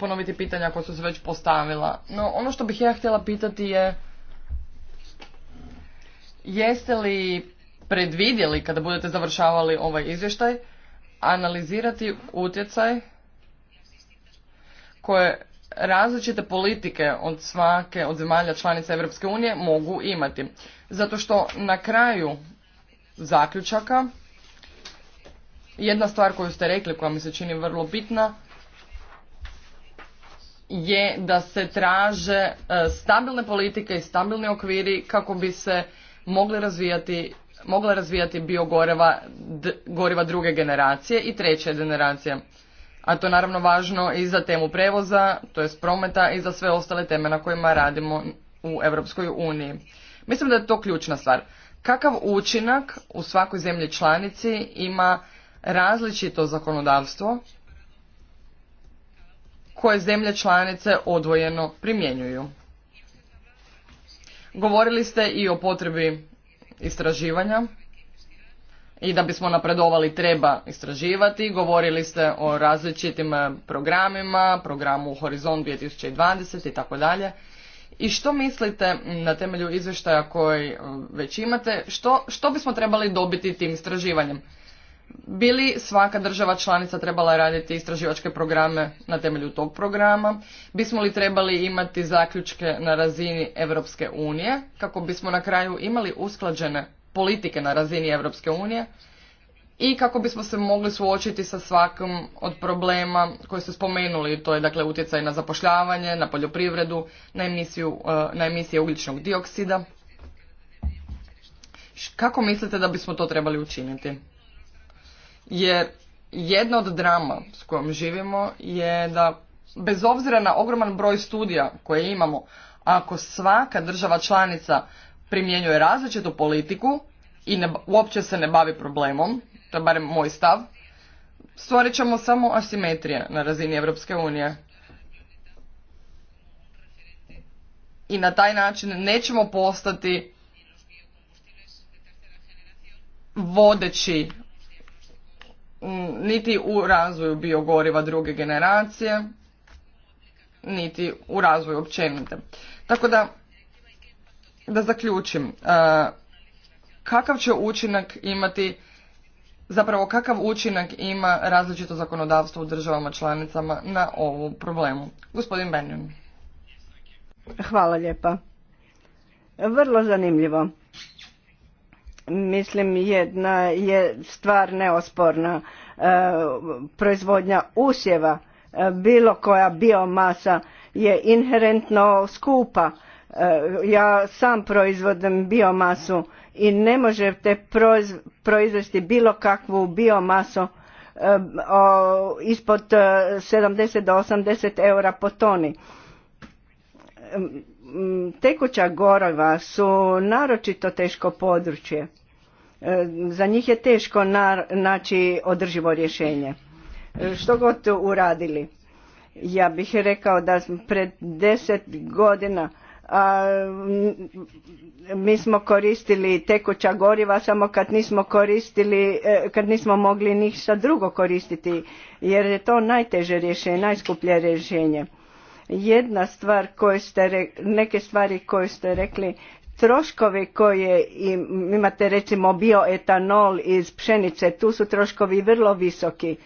ponoviti pitanja koja su se već postavila. No, ono što bih ja htjela pitati je jeste li predvidjeli kada budete završavali ovaj izvještaj analizirati utjecaj koje različite politike od svake od zemalja članica Europske unije mogu imati. Zato što na kraju zaključaka jedna stvar koju ste rekli koja mi se čini vrlo bitna je da se traže e, stabilne politike i stabilni okviri kako bi se mogli razvijati mogla razvijati biogoriva goriva druge generacije i treće generacije a to je naravno važno i za temu prevoza, to je prometa i za sve ostale teme na kojima radimo u Europskoj uniji. Mislim da je to ključna stvar. Kakav učinak u svakoj zemlji članici ima različito zakonodavstvo koje zemlje članice odvojeno primjenjuju. Govorili ste i o potrebi istraživanja i da bismo napredovali treba istraživati. Govorili ste o različitim eh, programima, programu Horizon 2020 i tako dalje. I što mislite mm, na temelju izvještaja koji eh, već imate, što, što bismo trebali dobiti tim istraživanjem? Bili svaka država članica trebala raditi istraživačke programe na temelju tog programa? Bismo li trebali imati zaključke na razini Europske unije kako bismo na kraju imali usklađene politike na razini Europske unije i kako bismo se mogli suočiti sa svakom od problema koje ste spomenuli, to je dakle utjecaj na zapošljavanje, na poljoprivredu, na, emisiju, e, na emisije ugljičnog dioksida. Kako mislite da bismo to trebali učiniti? Jer jedna od drama s kojom živimo je da bez obzira na ogroman broj studija koje imamo, ako svaka država članica primjenjuje različitu politiku i uopće se ne bavi problemom, to je barem moj stav, stvorit ćemo samo asimetrije na razini Europske unije. I na taj način nećemo postati vodeći niti u razvoju biogoriva druge generacije, niti u razvoju općenite. Tako da da zaključim, e, kakav će učinak imati, zapravo kakav učinak ima različito zakonodavstvo u državama članicama na ovu problemu? Gospodin Benjon. Hvala lijepa. Vrlo zanimljivo. Mislim, jedna je stvar neosporna. E, proizvodnja usjeva, e, bilo koja biomasa je inherentno skupa E, ja sam proizvodim biomasu i ne možete proizvesti bilo kakvu biomasu e, ispod 70 e, do 80 eura po toni. Tekuća gorova su naročito teško područje. Za njih je teško naći održivo rješenje. Što god uradili. Ja bih rekao da pred deset godina a, mi smo koristili tekuća goriva samo kad nismo koristili, e, kad nismo mogli ništa drugo koristiti jer je to najteže rješenje, najskuplje rješenje. Jedna stvar koju ste, neke stvari koje ste rekli, troškovi koje imate recimo bioetanol iz pšenice, tu su troškovi vrlo visoki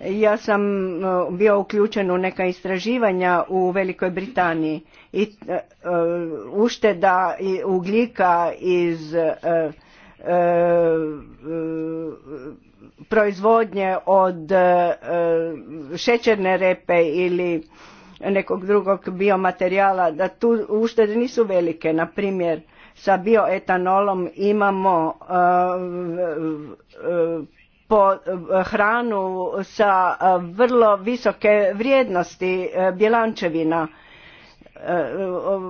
ja sam e, bio uključen u neka istraživanja u Velikoj Britaniji i e, e, ušteda ugljika iz proizvodnje od šećerne repe ili nekog drugog biomaterijala da tu uštede nisu velike na primjer sa bioetanolom imamo po eh, hranu sa eh, vrlo visoke vrijednosti eh, bjelančevina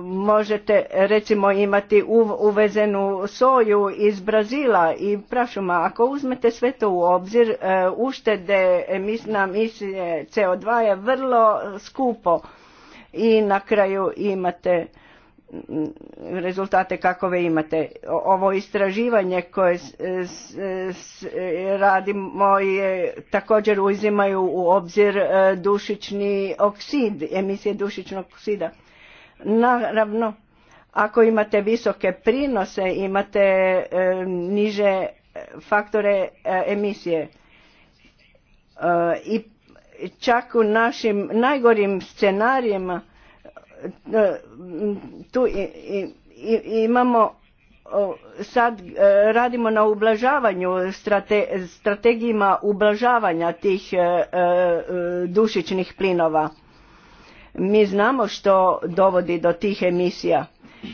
možete recimo imati uvezenu soju iz Brazila i prašuma. Ako uzmete sve to u obzir, uštede na emisije CO2 je vrlo skupo i na kraju imate rezultate kakove imate. Ovo istraživanje koje radimo je također uzimaju u obzir e, dušični oksid, emisije dušičnog oksida. Naravno, ako imate visoke prinose, imate e, niže faktore e, emisije. I čak u našim najgorim scenarijima tu imamo sad e, radimo na ublažavanju strate, strategijima ublažavanja tih e, e, dušičnih plinova mi znamo što dovodi do tih emisija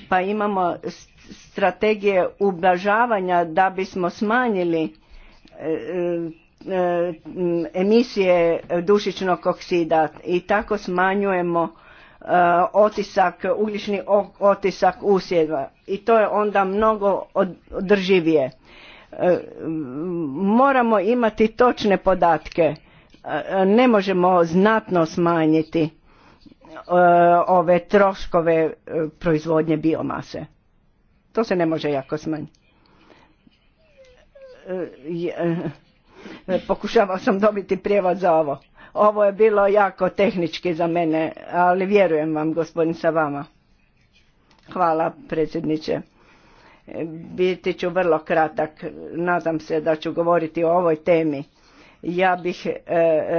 pa imamo strategije ublažavanja da bismo smanjili emisije dušičnog oksida i tako smanjujemo Eh, otisak, ugljični otisak usjeva i to je onda mnogo održivije. Eh, moramo imati točne podatke, eh, ne možemo znatno smanjiti ove troškove proizvodnje biomase. To se ne može jako smanjiti. Pokušavao sam dobiti prijevod za ovo ovo je bilo jako tehnički za mene, ali vjerujem vam gospodin sa vama. Hvala predsjedniče. E, biti ću vrlo kratak, nadam se da ću govoriti o ovoj temi. Ja bih e,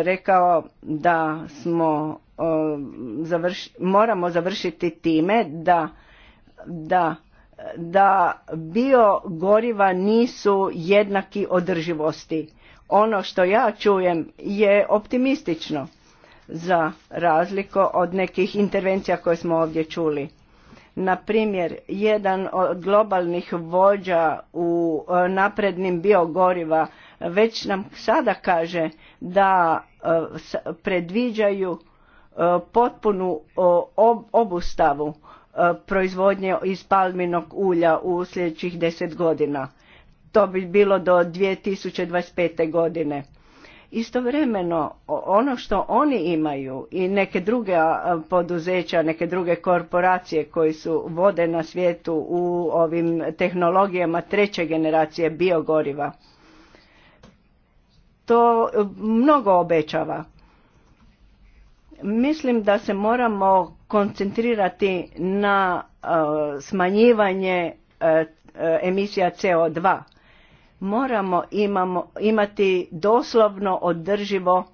rekao da smo e, moramo završiti time da, da, da bio goriva nisu jednaki održivosti ono što ja čujem je optimistično za razliku od nekih intervencija koje smo ovdje čuli. Na primjer, jedan od globalnih vođa u e, naprednim biogoriva već nam sada kaže da e, predviđaju e, potpunu obustavu proizvodnje iz palminog ulja u sljedećih deset godina to bi bilo do 2025. godine. Istovremeno ono što oni imaju i neke druge poduzeća, neke druge korporacije koji su vode na svijetu u ovim tehnologijama treće generacije biogoriva, to e, mnogo obećava. Mislim da se moramo koncentrirati na e, smanjivanje e, emisija CO2 moramo imamo, imati doslovno održivo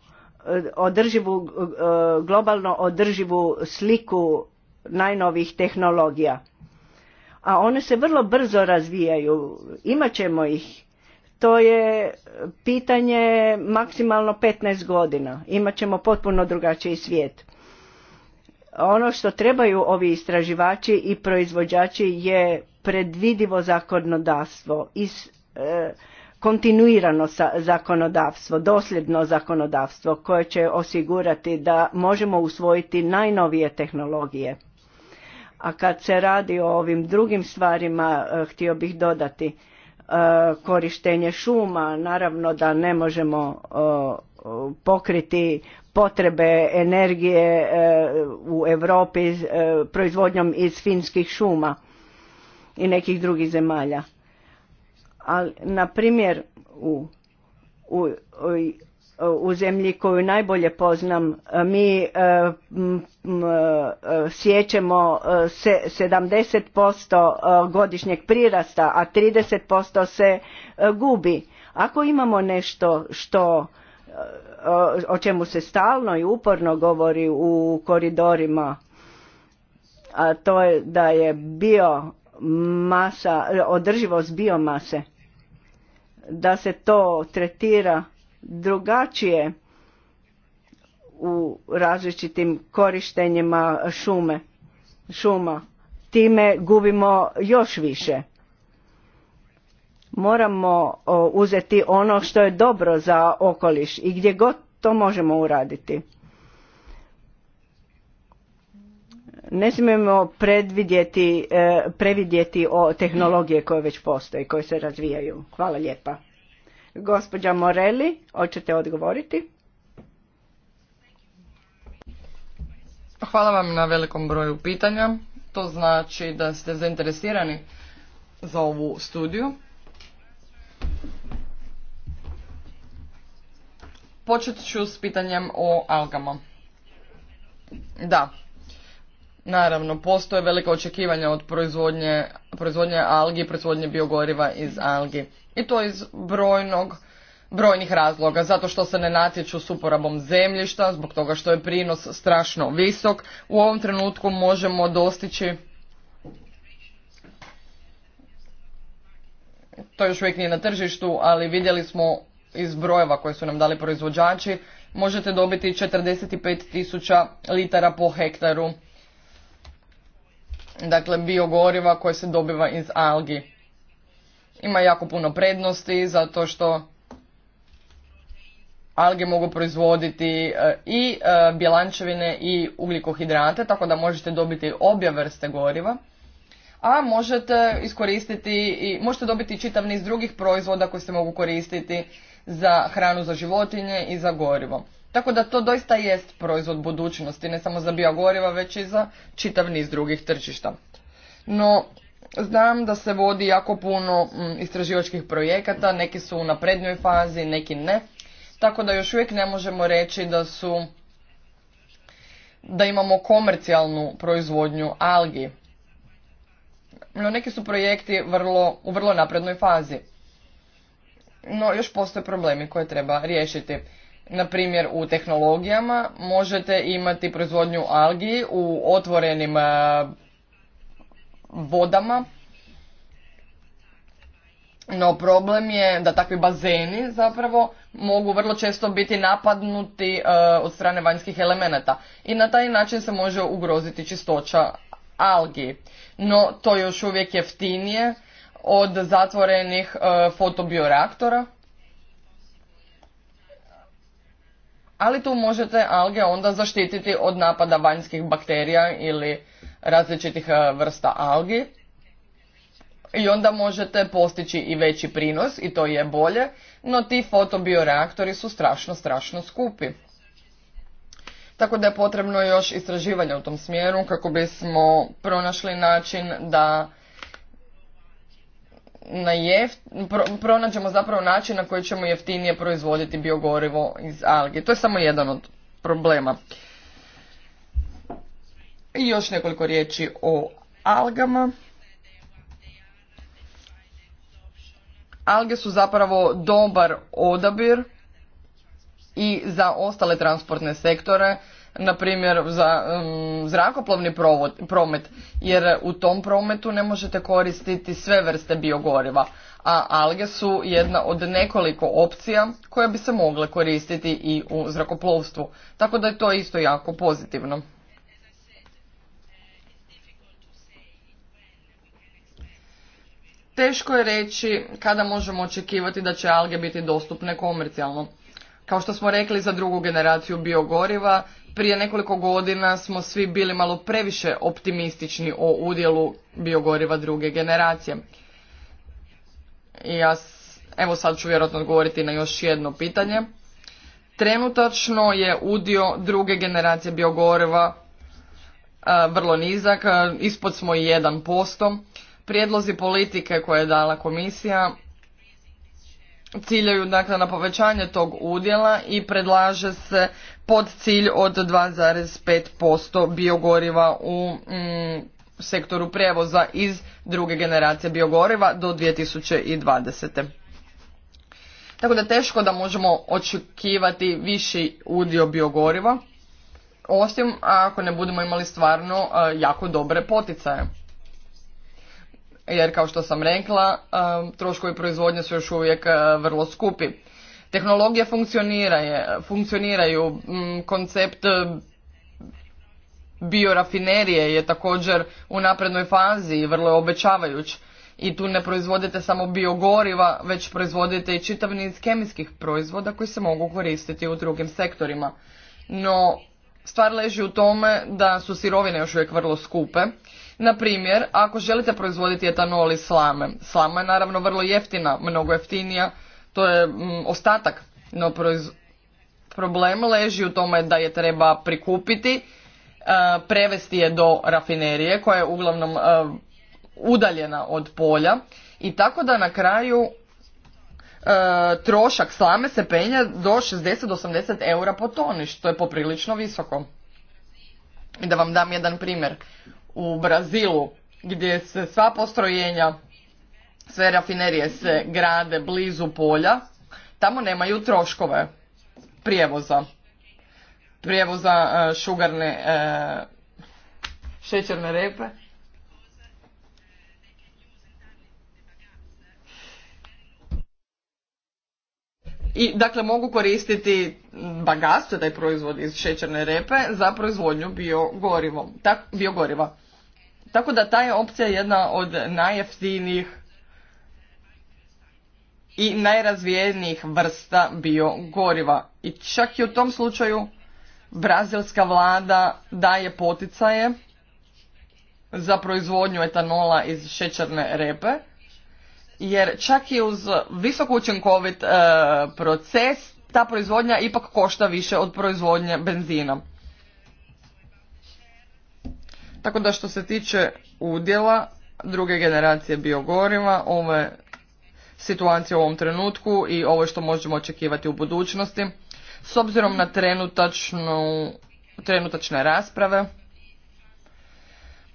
održivu e, globalno održivu sliku najnovih tehnologija a one se vrlo brzo razvijaju imat ćemo ih to je pitanje maksimalno 15 godina imat ćemo potpuno drugačiji svijet ono što trebaju ovi istraživači i proizvođači je predvidivo zakonodavstvo iz E, kontinuirano zakonodavstvo, dosljedno zakonodavstvo koje će osigurati da možemo usvojiti najnovije tehnologije. A kad se radi o ovim drugim stvarima, e, htio bih dodati e, korištenje šuma, naravno da ne možemo pokriti potrebe energije u Europi proizvodnjom iz finskih šuma i nekih drugih zemalja ali na primjer u, u, u zemlji koju najbolje poznam e, mi e, m, e, sjećemo se, 70% godišnjeg prirasta a 30% se gubi ako imamo nešto što o čemu se stalno i uporno govori u koridorima a to je da je bio masa održivost biomase da se to tretira drugačije u različitim korištenjima šume, šuma. Time gubimo još više. Moramo uzeti ono što je dobro za okoliš i gdje god to možemo uraditi. Ne smijemo predvidjeti, e, previdjeti o tehnologije koje već postoje, koje se razvijaju. Hvala lijepa. Gospođa Morelli, hoćete odgovoriti? Hvala vam na velikom broju pitanja. To znači da ste zainteresirani za ovu studiju. Počet ću s pitanjem o algama. Da, Naravno, postoje velika očekivanja od proizvodnje, proizvodnje algi, proizvodnje biogoriva iz algi. I to iz brojnog, brojnih razloga, zato što se ne natječu s uporabom zemljišta, zbog toga što je prinos strašno visok. U ovom trenutku možemo dostići to još uvijek nije na tržištu, ali vidjeli smo iz brojeva koje su nam dali proizvođači, možete dobiti 45 tisuća litara po hektaru dakle biogoriva koje se dobiva iz algi. Ima jako puno prednosti zato što alge mogu proizvoditi e, i e, bjelančevine i ugljikohidrate, tako da možete dobiti obje vrste goriva. A možete iskoristiti i možete dobiti čitav niz drugih proizvoda koji se mogu koristiti za hranu za životinje i za gorivo. Tako da to doista jest proizvod budućnosti, ne samo za biogoriva, već i za čitav niz drugih tržišta. No, znam da se vodi jako puno mm, istraživačkih projekata, neki su u naprednjoj fazi, neki ne. Tako da još uvijek ne možemo reći da su da imamo komercijalnu proizvodnju algi. No, neki su projekti vrlo, u vrlo naprednoj fazi. No, još postoje problemi koje treba riješiti na primjer u tehnologijama možete imati proizvodnju algi u otvorenim e, vodama no problem je da takvi bazeni zapravo mogu vrlo često biti napadnuti e, od strane vanjskih elemenata i na taj način se može ugroziti čistoća algi no to još uvijek jeftinije od zatvorenih e, fotobioreaktora ali tu možete alge onda zaštititi od napada vanjskih bakterija ili različitih e, vrsta algi i onda možete postići i veći prinos i to je bolje, no ti fotobioreaktori su strašno, strašno skupi. Tako da je potrebno još istraživanje u tom smjeru kako bismo pronašli način da na jeft, pronađemo zapravo način na koji ćemo jeftinije proizvoditi biogorivo iz alge. To je samo jedan od problema. I još nekoliko riječi o algama. Alge su zapravo dobar odabir i za ostale transportne sektore na primjer za zrakoplovni promet jer u tom prometu ne možete koristiti sve vrste biogoriva a alge su jedna od nekoliko opcija koje bi se mogle koristiti i u zrakoplovstvu tako da je to isto jako pozitivno teško je reći kada možemo očekivati da će alge biti dostupne komercijalno kao što smo rekli za drugu generaciju biogoriva, prije nekoliko godina smo svi bili malo previše optimistični o udjelu biogoriva druge generacije. I ja, evo sad ću vjerojatno odgovoriti na još jedno pitanje. Trenutačno je udio druge generacije biogoriva e, vrlo nizak, e, ispod smo i 1%. Prijedlozi politike koje je dala komisija ciljaju dakle, na povećanje tog udjela i predlaže se pod cilj od 2,5% biogoriva u mm, sektoru prijevoza iz druge generacije biogoriva do 2020. Tako da teško da možemo očekivati viši udio biogoriva, osim ako ne budemo imali stvarno e, jako dobre poticaje jer kao što sam rekla, troškovi proizvodnje su još uvijek e, vrlo skupi. Tehnologije funkcioniraju, koncept e, biorafinerije je također u naprednoj fazi i vrlo je obećavajuć. I tu ne proizvodite samo biogoriva, već proizvodite i čitav niz kemijskih proizvoda koji se mogu koristiti u drugim sektorima. No, stvar leži u tome da su sirovine još uvijek vrlo skupe na primjer, ako želite proizvoditi etanol iz slame, slama je naravno vrlo jeftina, mnogo jeftinija, to je mm, ostatak, no problem leži u tome da je treba prikupiti, e, prevesti je do rafinerije koja je uglavnom e, udaljena od polja i tako da na kraju e, trošak slame se penja do 60 80 eura po toni što je poprilično visoko. I da vam dam jedan primjer u Brazilu gdje se sva postrojenja, sve rafinerije se grade blizu polja, tamo nemaju troškove prijevoza. Prijevoza e, šugarne e, šećerne repe. I dakle mogu koristiti bagasto taj proizvod iz šećerne repe, za proizvodnju biogoriva. Tak, biogoriva. Tako da ta je opcija jedna od najjeftinijih i najrazvijenijih vrsta biogoriva. I čak i u tom slučaju brazilska vlada daje poticaje za proizvodnju etanola iz šećerne repe, jer čak i uz visoko učinkovit e, proces ta proizvodnja ipak košta više od proizvodnje benzina. Tako da što se tiče udjela druge generacije biogoriva, ove situacije u ovom trenutku i ovo što možemo očekivati u budućnosti, s obzirom na trenutačnu, trenutačne rasprave,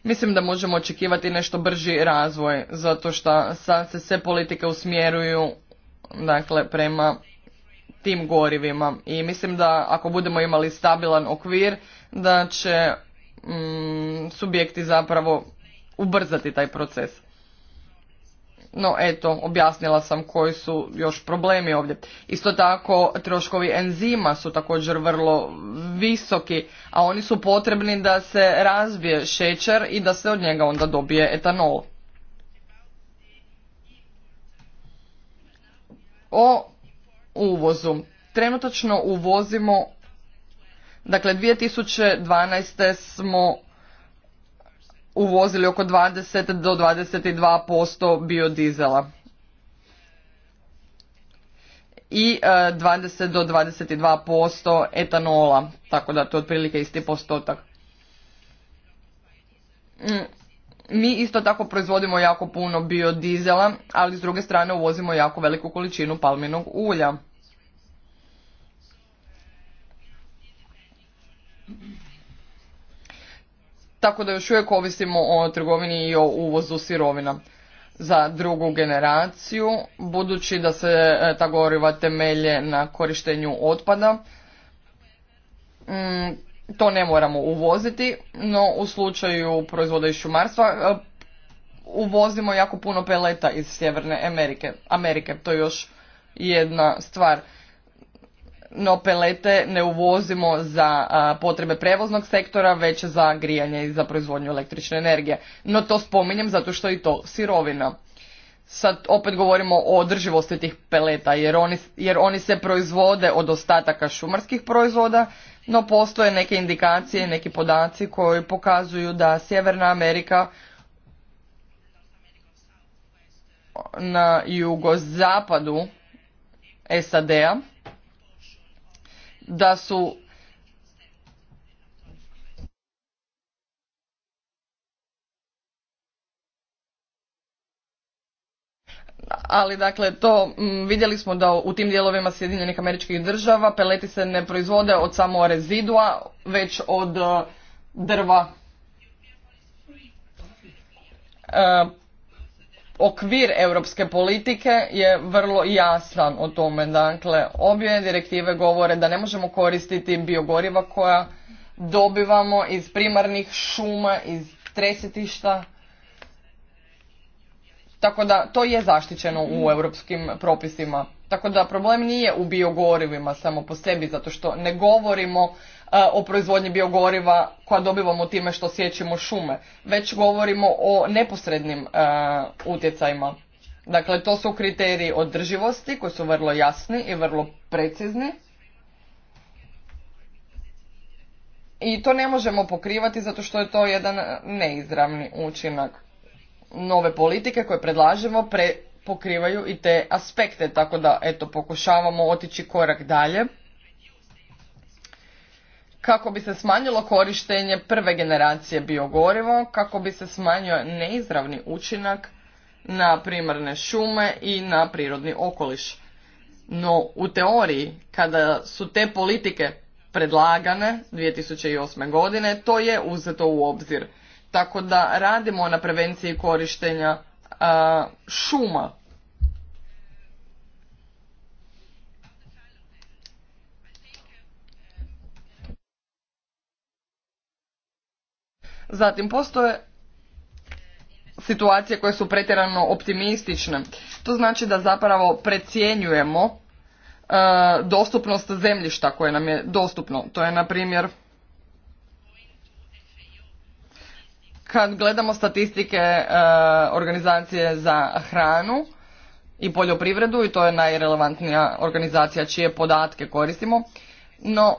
Mislim da možemo očekivati nešto brži razvoj, zato što sad se sve politike usmjeruju dakle, prema tim gorivima. I mislim da ako budemo imali stabilan okvir, da će Mm, subjekti zapravo ubrzati taj proces. No eto, objasnila sam koji su još problemi ovdje. Isto tako, troškovi enzima su također vrlo visoki, a oni su potrebni da se razbije šećer i da se od njega onda dobije etanol. O uvozu. Trenutačno uvozimo Dakle, 2012. smo uvozili oko 20 do 22% biodizela. I 20 e, do 22% etanola, tako da to otprilike isti postotak. Mm, mi isto tako proizvodimo jako puno biodizela, ali s druge strane uvozimo jako veliku količinu palminog ulja. Tako da još uvijek ovisimo o trgovini i o uvozu sirovina. Za drugu generaciju, budući da se e, ta goriva temelje na korištenju otpada, mm, to ne moramo uvoziti, no u slučaju proizvoda iz šumarstva e, uvozimo jako puno peleta iz Sjeverne Amerike. Amerike to je još jedna stvar no pelete ne uvozimo za potrebe prevoznog sektora, već za grijanje i za proizvodnju električne energije. No to spominjem zato što je i to sirovina. Sad opet govorimo o održivosti tih peleta jer oni, jer oni se proizvode od ostataka šumarskih proizvoda, no postoje neke indikacije, neki podaci koji pokazuju da Sjeverna Amerika na jugozapadu SAD-a da su ali dakle to mm, vidjeli smo da u tim dijelovima Sjedinjenih američkih država peleti se ne proizvode od samo rezidua već od e, drva. E, okvir europske politike je vrlo jasan o tome. Dakle, obje direktive govore da ne možemo koristiti biogoriva koja dobivamo iz primarnih šuma, iz tresetišta. Tako da to je zaštićeno u europskim propisima. Tako da problem nije u biogorivima samo po sebi, zato što ne govorimo o proizvodnji biogoriva koja dobivamo time što sjećemo šume, već govorimo o neposrednim utjecajima. Dakle, to su kriteriji održivosti koji su vrlo jasni i vrlo precizni. I to ne možemo pokrivati zato što je to jedan neizravni učinak. Nove politike koje predlažemo pre pokrivaju i te aspekte, tako da eto pokušavamo otići korak dalje kako bi se smanjilo korištenje prve generacije biogorivo, kako bi se smanjio neizravni učinak na primarne šume i na prirodni okoliš. No, u teoriji, kada su te politike predlagane 2008. godine, to je uzeto u obzir. Tako da radimo na prevenciji korištenja šuma Zatim postoje situacije koje su pretjerano optimistične. To znači da zapravo precijenjujemo e, dostupnost zemljišta koje nam je dostupno. To je na primjer kad gledamo statistike e, organizacije za hranu i poljoprivredu i to je najrelevantnija organizacija čije podatke koristimo, no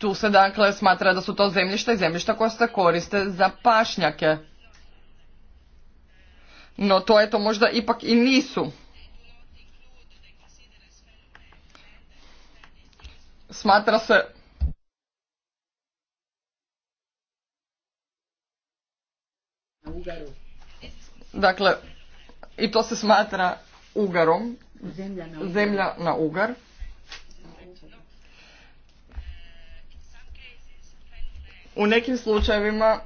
tu se dakle smatra da su to zemljišta i zemljišta koja se koriste za pašnjake. No to je to možda ipak i nisu. Smatra se Dakle, i to se smatra ugarom. Zemlja na Zemlja na ugar. U nekim slučajevima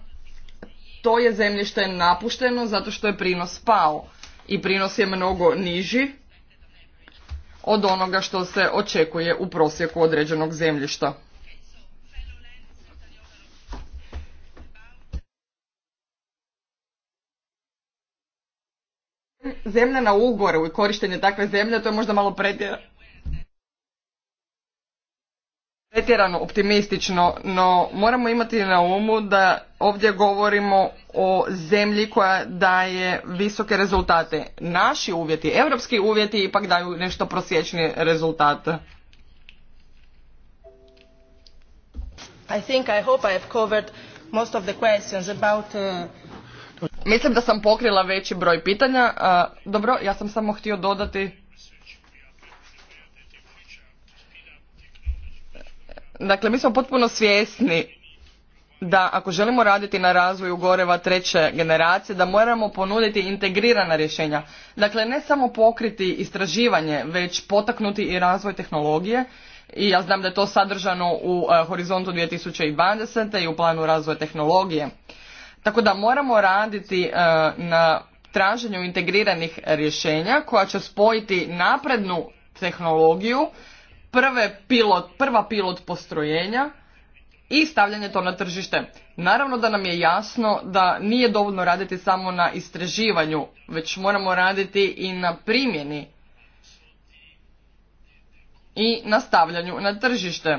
to je zemljište napušteno zato što je prinos pao i prinos je mnogo niži od onoga što se očekuje u prosjeku određenog zemljišta. Zemlja na ugoru i korištenje takve zemlje, to je možda malo pretjerano pretjerano optimistično, no moramo imati na umu da ovdje govorimo o zemlji koja daje visoke rezultate. Naši uvjeti, europski uvjeti ipak daju nešto prosječni rezultat. I think I hope I have covered most of the questions about uh, Mislim da sam pokrila veći broj pitanja. dobro, ja sam samo htio dodati Dakle, mi smo potpuno svjesni da ako želimo raditi na razvoju goreva treće generacije, da moramo ponuditi integrirana rješenja. Dakle, ne samo pokriti istraživanje, već potaknuti i razvoj tehnologije. I ja znam da je to sadržano u e, Horizontu 2020. i u planu razvoja tehnologije. Tako da moramo raditi e, na traženju integriranih rješenja koja će spojiti naprednu tehnologiju prve pilot, prva pilot postrojenja i stavljanje to na tržište. Naravno da nam je jasno da nije dovoljno raditi samo na istraživanju, već moramo raditi i na primjeni i na stavljanju na tržište.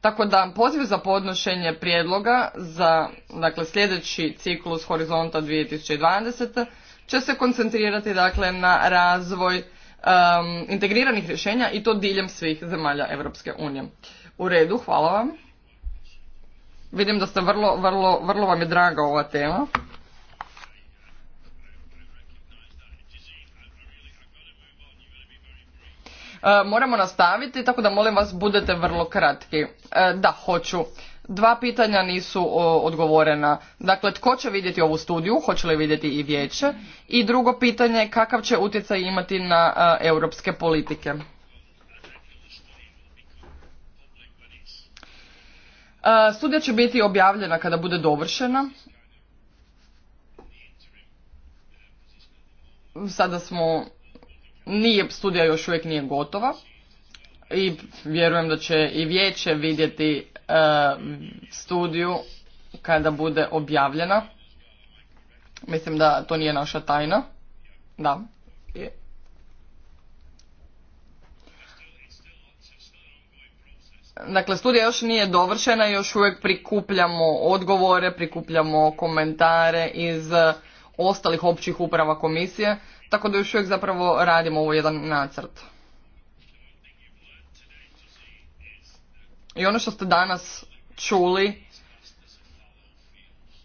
Tako da poziv za podnošenje prijedloga za dakle, sljedeći ciklus Horizonta 2020 će se koncentrirati dakle, na razvoj um, integriranih rješenja i to diljem svih zemalja Europske unije. U redu, hvala vam. Vidim da ste vrlo, vrlo, vrlo vam je draga ova tema. Uh, moramo nastaviti, tako da molim vas budete vrlo kratki. Uh, da, hoću. Dva pitanja nisu odgovorena. Dakle, tko će vidjeti ovu studiju, hoće li vidjeti i vijeće? I drugo pitanje, kakav će utjecaj imati na europske politike? studija će biti objavljena kada bude dovršena. Sada smo, nije, studija još uvijek nije gotova i vjerujem da će i vijeće vidjeti Um, studiju kada bude objavljena. Mislim da to nije naša tajna. Da. Dakle, studija još nije dovršena, još uvijek prikupljamo odgovore, prikupljamo komentare iz uh, ostalih općih uprava komisije, tako da još uvijek zapravo radimo ovo jedan nacrt. I ono što ste danas čuli,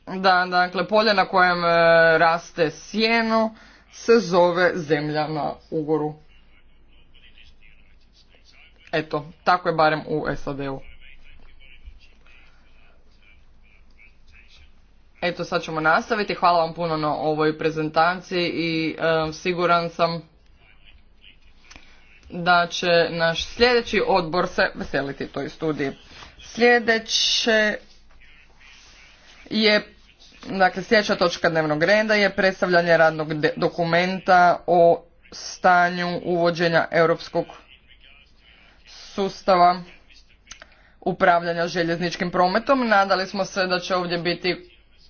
da dakle, polje na kojem e, raste sjeno se zove zemlja na ugoru. Eto, tako je barem u SAD-u. Eto, sad ćemo nastaviti. Hvala vam puno na ovoj prezentaciji i e, siguran sam da će naš sljedeći odbor se veseliti toj studiji. Sljedeće je, dakle sljedeća točka dnevnog reda je predstavljanje radnog dokumenta o stanju uvođenja europskog sustava upravljanja željezničkim prometom. Nadali smo se da će ovdje biti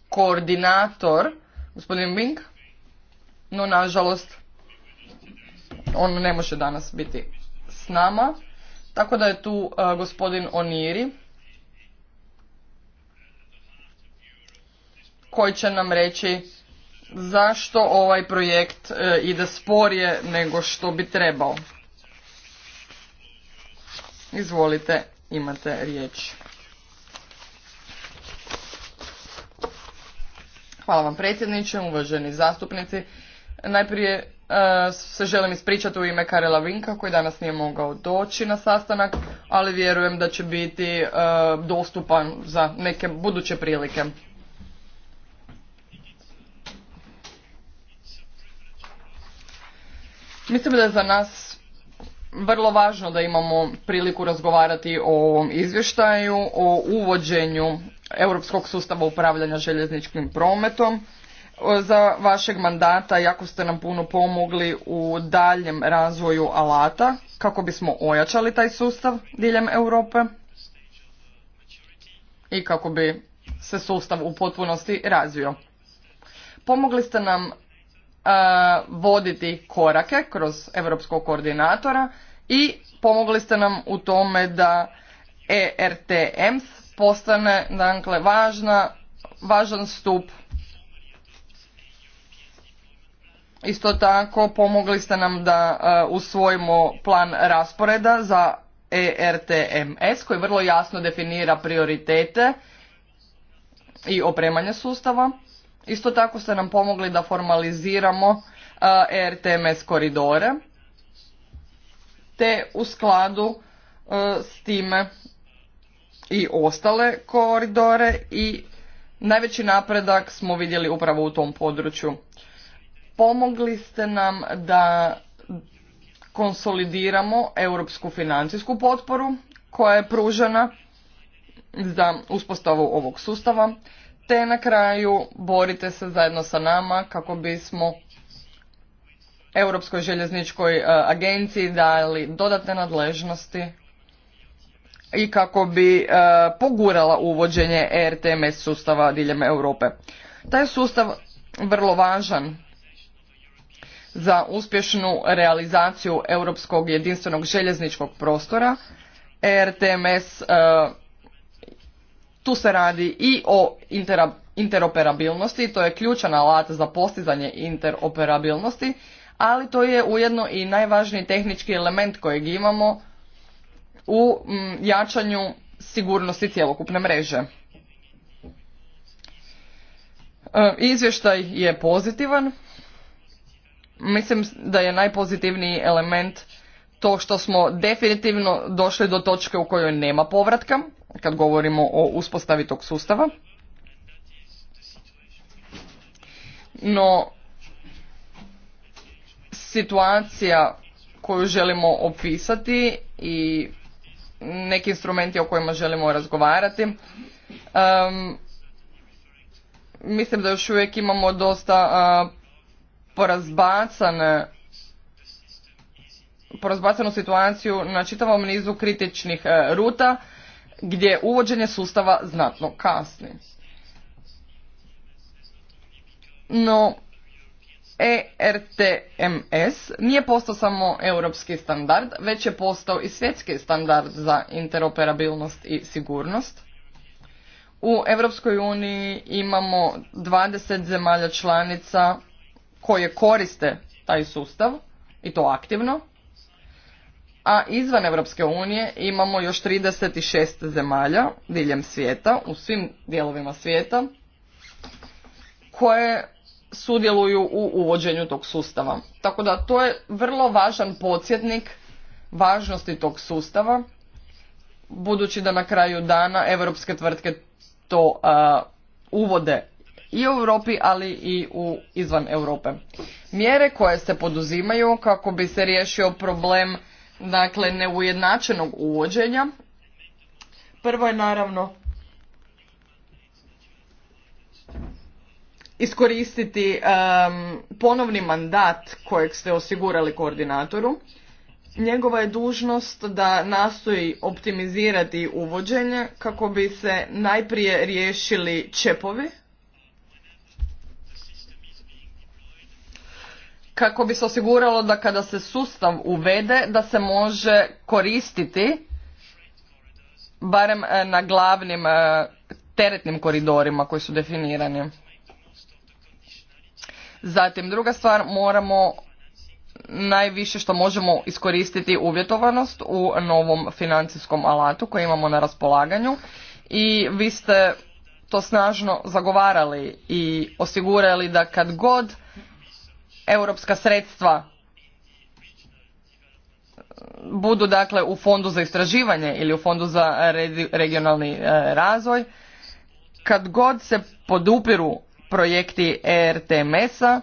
koordinator, gospodin Bing, no nažalost on ne može danas biti s nama. Tako da je tu uh, gospodin Oniri koji će nam reći zašto ovaj projekt uh, ide sporije nego što bi trebao. Izvolite, imate riječ. Hvala vam predsjedniče, uvaženi zastupnici. Najprije E, se želim ispričati u ime Karela Vinka koji danas nije mogao doći na sastanak, ali vjerujem da će biti e, dostupan za neke buduće prilike. Mislim da je za nas vrlo važno da imamo priliku razgovarati o ovom izvještaju, o uvođenju europskog sustava upravljanja željezničkim prometom za vašeg mandata, jako ste nam puno pomogli u daljem razvoju alata, kako bismo ojačali taj sustav diljem Europe i kako bi se sustav u potpunosti razvio. Pomogli ste nam e, voditi korake kroz europskog koordinatora i pomogli ste nam u tome da ERTMS postane dakle, važna, važan stup Isto tako pomogli ste nam da e, usvojimo plan rasporeda za ERTMS koji vrlo jasno definira prioritete i opremanje sustava. Isto tako ste nam pomogli da formaliziramo ERTMS e koridore te u skladu e, s time i ostale koridore i najveći napredak smo vidjeli upravo u tom području. Pomogli ste nam da konsolidiramo europsku financijsku potporu koja je pružena za uspostavu ovog sustava, te na kraju borite se zajedno sa nama kako bismo Europskoj željezničkoj e, agenciji dali dodatne nadležnosti i kako bi e, pogurala uvođenje ERTMS sustava diljem Europe. Taj je sustav vrlo važan za uspješnu realizaciju europskog jedinstvenog željezničkog prostora. ERTMS, e, tu se radi i o interoperabilnosti, to je ključan alat za postizanje interoperabilnosti, ali to je ujedno i najvažniji tehnički element kojeg imamo u jačanju sigurnosti cjelokupne mreže. E, izvještaj je pozitivan, mislim da je najpozitivniji element to što smo definitivno došli do točke u kojoj nema povratka kad govorimo o uspostavi tog sustava no situacija koju želimo opisati i neki instrumenti o kojima želimo razgovarati mislim da još uvijek imamo dosta porazbacane porazbacanu situaciju na čitavom nizu kritičnih e, ruta gdje uvođenje sustava znatno kasni. No, ERTMS nije postao samo europski standard, već je postao i svjetski standard za interoperabilnost i sigurnost. U Europskoj uniji imamo 20 zemalja članica koje koriste taj sustav i to aktivno, a izvan Europske unije imamo još 36 zemalja diljem svijeta, u svim dijelovima svijeta, koje sudjeluju u uvođenju tog sustava. Tako da to je vrlo važan podsjetnik važnosti tog sustava, budući da na kraju dana europske tvrtke to uvode i u Europi, ali i u izvan Europe. Mjere koje se poduzimaju kako bi se riješio problem dakle neujednačenog uvođenja. Prvo je naravno iskoristiti ponovni mandat kojeg ste osigurali koordinatoru. Njegova je dužnost da nastoji optimizirati uvođenje kako bi se najprije riješili čepovi kako bi se osiguralo da kada se sustav uvede da se može koristiti barem e, na glavnim e, teretnim koridorima koji su definirani. Zatim druga stvar moramo najviše što možemo iskoristiti uvjetovanost u novom financijskom alatu koji imamo na raspolaganju i vi ste to snažno zagovarali i osigurali da kad god europska sredstva budu dakle u fondu za istraživanje ili u fondu za regionalni e, razvoj, kad god se podupiru projekti ERTMS-a,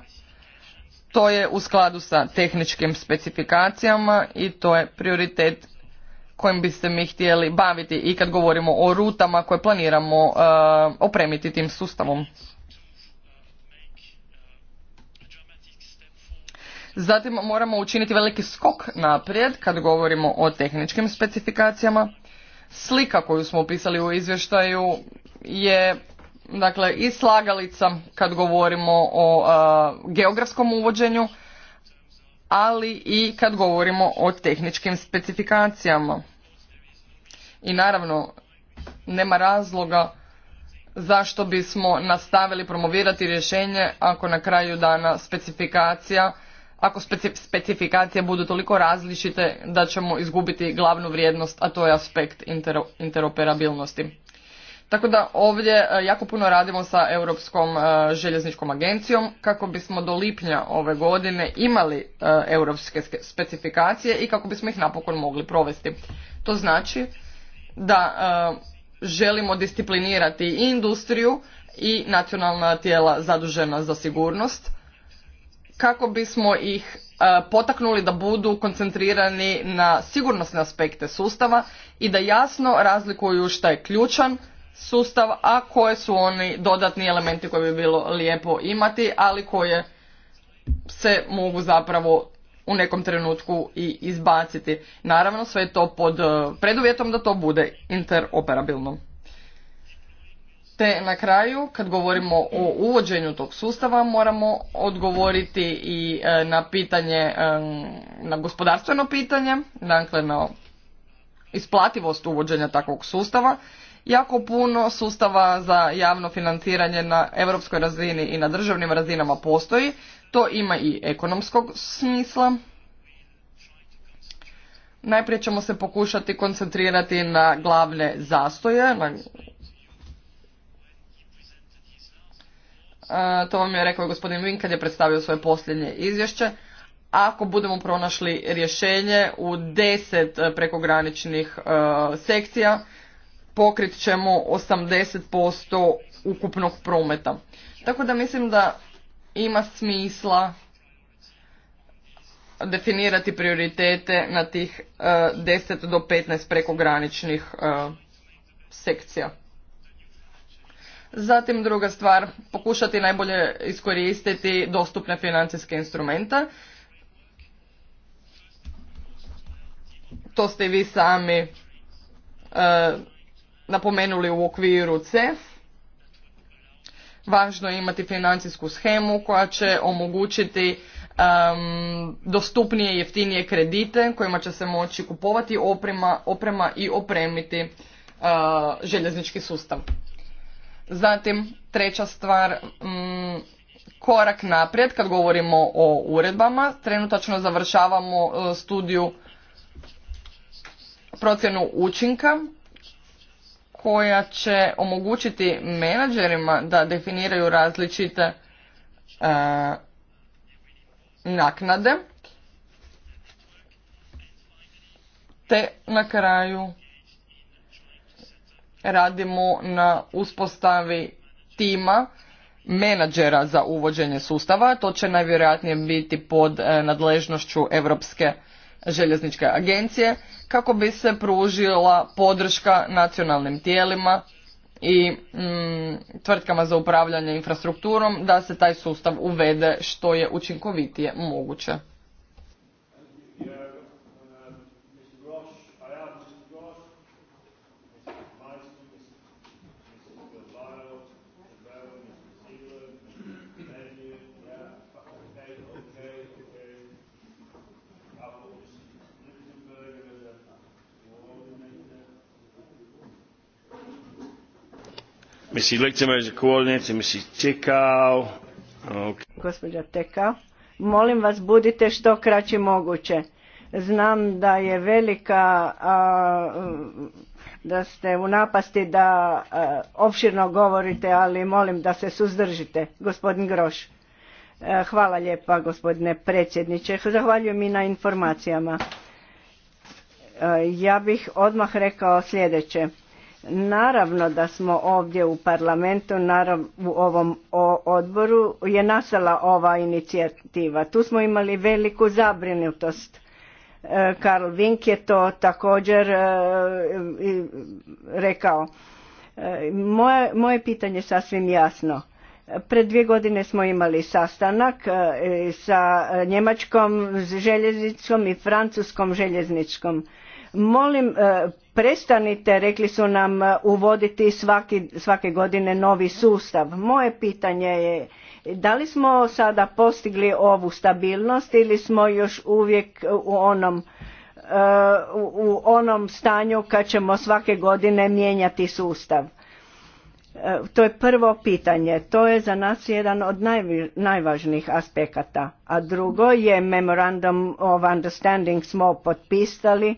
to je u skladu sa tehničkim specifikacijama i to je prioritet kojim biste mi htjeli baviti i kad govorimo o rutama koje planiramo e, opremiti tim sustavom. Zatim moramo učiniti veliki skok naprijed kad govorimo o tehničkim specifikacijama. Slika koju smo opisali u izvještaju je dakle i slagalica kad govorimo o geografskom uvođenju, ali i kad govorimo o tehničkim specifikacijama. I naravno nema razloga zašto bismo nastavili promovirati rješenje ako na kraju dana specifikacija ako specifikacije budu toliko različite da ćemo izgubiti glavnu vrijednost, a to je aspekt interoperabilnosti. Tako da ovdje e, jako puno radimo sa Europskom e, željezničkom agencijom kako bismo do lipnja ove godine imali e, europske specifikacije i kako bismo ih napokon mogli provesti. To znači da želimo disciplinirati i industriju i nacionalna tijela zadužena za sigurnost kako bismo ih e, potaknuli da budu koncentrirani na sigurnosne aspekte sustava i da jasno razlikuju šta je ključan sustav, a koje su oni dodatni elementi koje bi bilo lijepo imati, ali koje se mogu zapravo u nekom trenutku i izbaciti. Naravno sve je to pod e, preduvjetom da to bude interoperabilno. Te na kraju, kad govorimo o uvođenju tog sustava, moramo odgovoriti i e, na pitanje, e, na gospodarstveno pitanje, dakle na isplativost uvođenja takvog sustava. Jako puno sustava za javno financiranje na europskoj razini i na državnim razinama postoji. To ima i ekonomskog smisla. Najprije ćemo se pokušati koncentrirati na glavne zastoje, na E, to vam je rekao i gospodin Vin kad je predstavio svoje posljednje izvješće, ako budemo pronašli rješenje u deset e, prekograničnih e, sekcija, pokrit ćemo 80% ukupnog prometa. Tako da mislim da ima smisla definirati prioritete na tih 10 do 15 prekograničnih sekcija. Zatim druga stvar, pokušati najbolje iskoristiti dostupne financijske instrumente. To ste i vi sami e, napomenuli u okviru CEF. Važno je imati financijsku schemu koja će omogućiti dostupnije i jeftinije kredite kojima će se moći kupovati oprema, oprema i opremiti uh, željeznički sustav. Zatim, treća stvar, mm, korak naprijed kad govorimo o uredbama. Trenutačno završavamo e, studiju procjenu učinka koja će omogućiti menadžerima da definiraju različite e, naknade te na kraju radimo na uspostavi tima menadžera za uvođenje sustava. To će najvjerojatnije biti pod e, nadležnošću Europske željezničke agencije kako bi se pružila podrška nacionalnim tijelima i mm, tvrtkama za upravljanje infrastrukturom da se taj sustav uvede što je učinkovitije moguće. Gospođo Tekao, molim vas budite što kraći moguće. Znam da je velika, da ste u napasti da opširno govorite, ali molim da se suzdržite. Gospodin Groš. E, hvala lijepa gospodine predsjedniče. Zahvaljujem i na informacijama. E, ja bih odmah rekao sljedeće Naravno da smo ovdje u parlamentu, naravno u ovom odboru je nastala ova inicijativa. Tu smo imali veliku zabrinutost. E, Karl Vink je to također e, rekao. E, moje, moje pitanje je sasvim jasno. Pred dvije godine smo imali sastanak sa njemačkom željeznicom i francuskom željezničkom molim e, prestanite rekli su nam e, uvoditi svake godine novi sustav moje pitanje je da li smo sada postigli ovu stabilnost ili smo još uvijek u onom e, u onom stanju kad ćemo svake godine mijenjati sustav to je prvo pitanje to je za nas jedan od najvažnijih aspekata a drugo je memorandum of understanding smo potpisali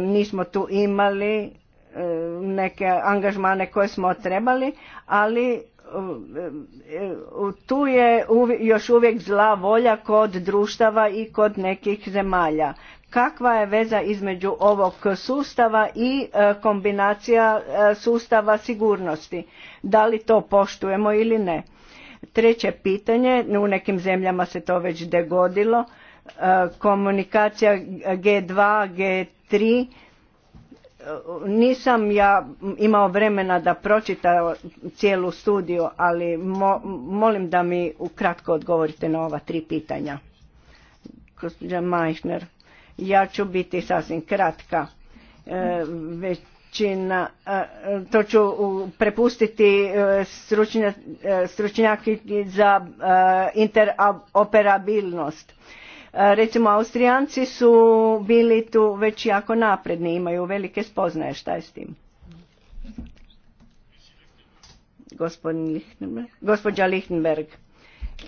nismo tu imali neke angažmane koje smo trebali, ali tu je još uvijek zla volja kod društava i kod nekih zemalja. Kakva je veza između ovog sustava i e, kombinacija e, sustava sigurnosti? Da li to poštujemo ili ne? Treće pitanje, u nekim zemljama se to već degodilo, komunikacija G2, G3. Nisam ja imao vremena da pročita cijelu studiju, ali molim da mi ukratko odgovorite na ova tri pitanja. Gospođa Majšner, ja ću biti sasvim kratka. E, većina, već to ću prepustiti e, e, stručnjaki za interoperabilnost. E, recimo, Austrijanci su bili tu već jako napredni, imaju velike spoznaje šta je s tim. Gospođa Lichtenberg,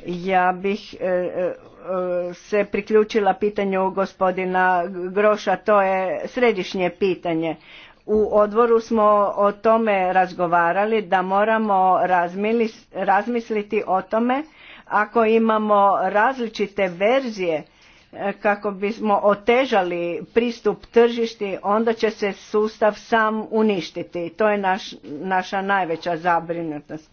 ja bih e, e, se priključila pitanju gospodina Groša, to je središnje pitanje. U odvoru smo o tome razgovarali da moramo razmisliti o tome ako imamo različite verzije kako bismo otežali pristup tržišti, onda će se sustav sam uništiti. To je naš, naša najveća zabrinutost.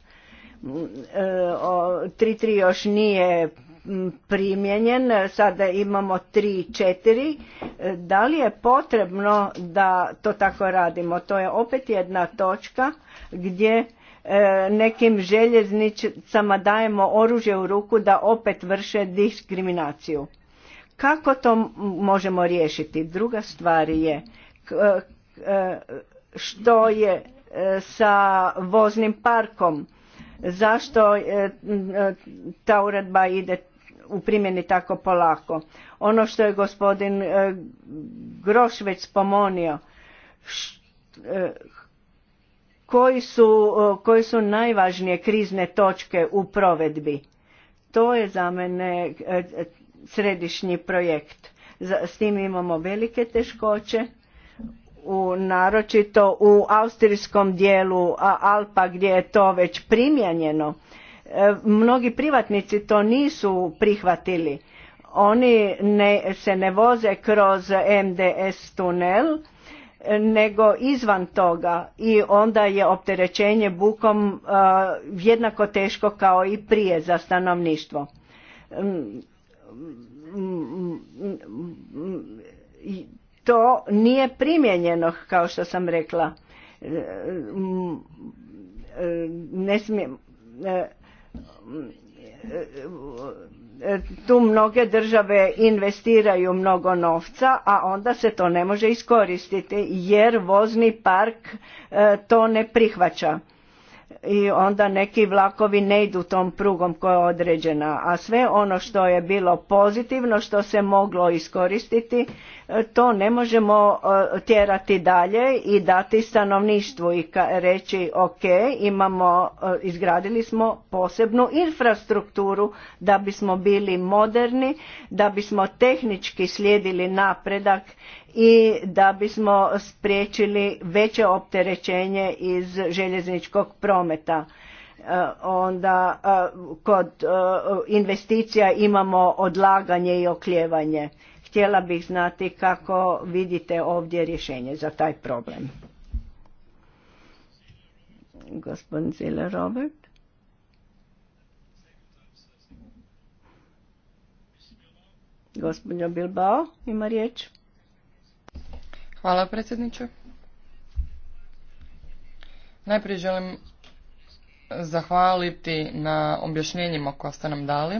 3.3 mm, e, još nije mm, primjenjen, sada imamo 3.4. Da li je potrebno da to tako radimo? To je opet jedna točka gdje e, nekim željeznicama dajemo oružje u ruku da opet vrše diskriminaciju kako to možemo riješiti? Druga stvar je e, e, što je e, sa voznim parkom? Zašto ta uredba ide u primjeni tako polako? Ono što je gospodin Groš već spomonio, koji su, koji su najvažnije krizne točke u provedbi? To je za mene središnji projekt. S tim imamo velike teškoće, u, naročito u austrijskom dijelu Alpa gdje je to već primjenjeno. E, mnogi privatnici to nisu prihvatili. Oni ne, se ne voze kroz MDS tunel, e, nego izvan toga i onda je opterećenje bukom e, jednako teško kao i prije za stanovništvo to nije primijenjeno kao što sam rekla ne smijem tu mnoge države investiraju mnogo novca a onda se to ne može iskoristiti jer vozni park e, to ne prihvaća i onda neki vlakovi ne idu tom prugom koja je određena. A sve ono što je bilo pozitivno, što se moglo iskoristiti, e, to ne možemo e, tjerati dalje i dati stanovništvu i reći ok, imamo, e, izgradili smo posebnu infrastrukturu da bismo bili moderni, da bismo tehnički slijedili napredak i da bismo spriječili veće opterećenje iz željezničkog prometa e, onda e, kod e, investicija imamo odlaganje i okljevanje. Htjela bih znati kako vidite ovdje rješenje za taj problem. Gospodin Zile Robert. Gospodin Bilbao ima riječ. Hvala predsjedniče. Najprije želim zahvaliti na objašnjenjima koja ste nam dali.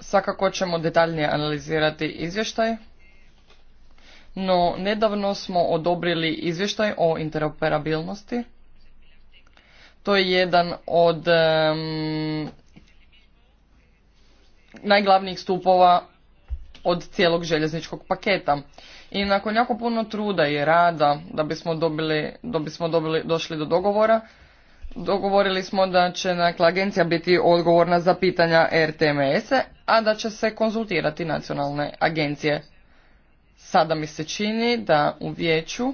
Svakako ćemo detaljnije analizirati izvještaj, no nedavno smo odobrili izvještaj o interoperabilnosti. To je jedan od um, najglavnijih stupova od cijelog željezničkog paketa. I nakon jako puno truda i rada da bismo dobili, da bismo dobili, došli do dogovora, dogovorili smo da će dakle, agencija biti odgovorna za pitanja RTMS-e, a da će se konzultirati nacionalne agencije. Sada mi se čini da u vijeću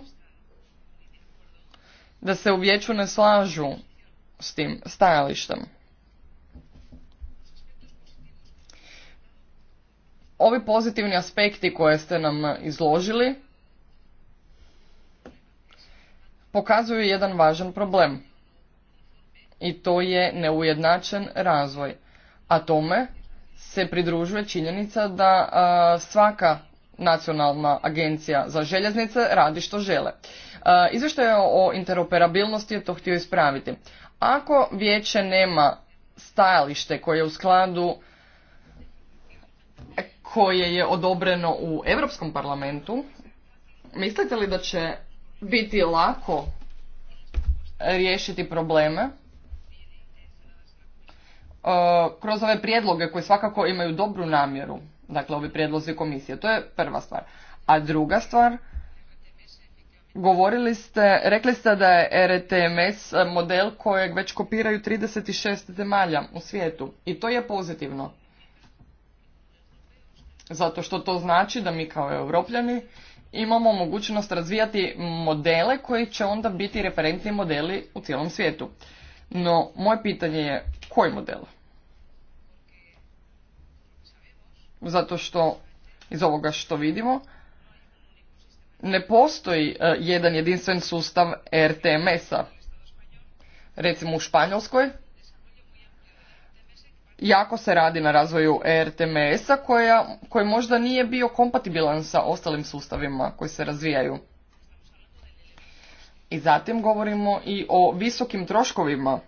da se u vijeću ne slažu s tim stajalištem. Ovi pozitivni aspekti koje ste nam izložili pokazuju jedan važan problem. I to je neujednačen razvoj. A tome se pridružuje činjenica da svaka nacionalna agencija za željeznice radi što žele. A, izvještaj o interoperabilnosti je to htio ispraviti. Ako vijeće nema stajalište koje je u skladu koje je odobreno u Europskom parlamentu, mislite li da će biti lako riješiti probleme e, kroz ove prijedloge koji svakako imaju dobru namjeru, dakle ovi prijedlozi komisije, to je prva stvar. A druga stvar, govorili ste, rekli ste da je RTMS model kojeg već kopiraju 36 zemalja u svijetu i to je pozitivno. Zato što to znači da mi kao europljani imamo mogućnost razvijati modele koji će onda biti referentni modeli u cijelom svijetu. No, moje pitanje je koji model? Zato što iz ovoga što vidimo ne postoji e, jedan jedinstven sustav RTMS-a. Recimo u Španjolskoj jako se radi na razvoju ERTMS-a koji možda nije bio kompatibilan sa ostalim sustavima koji se razvijaju. I zatim govorimo i o visokim troškovima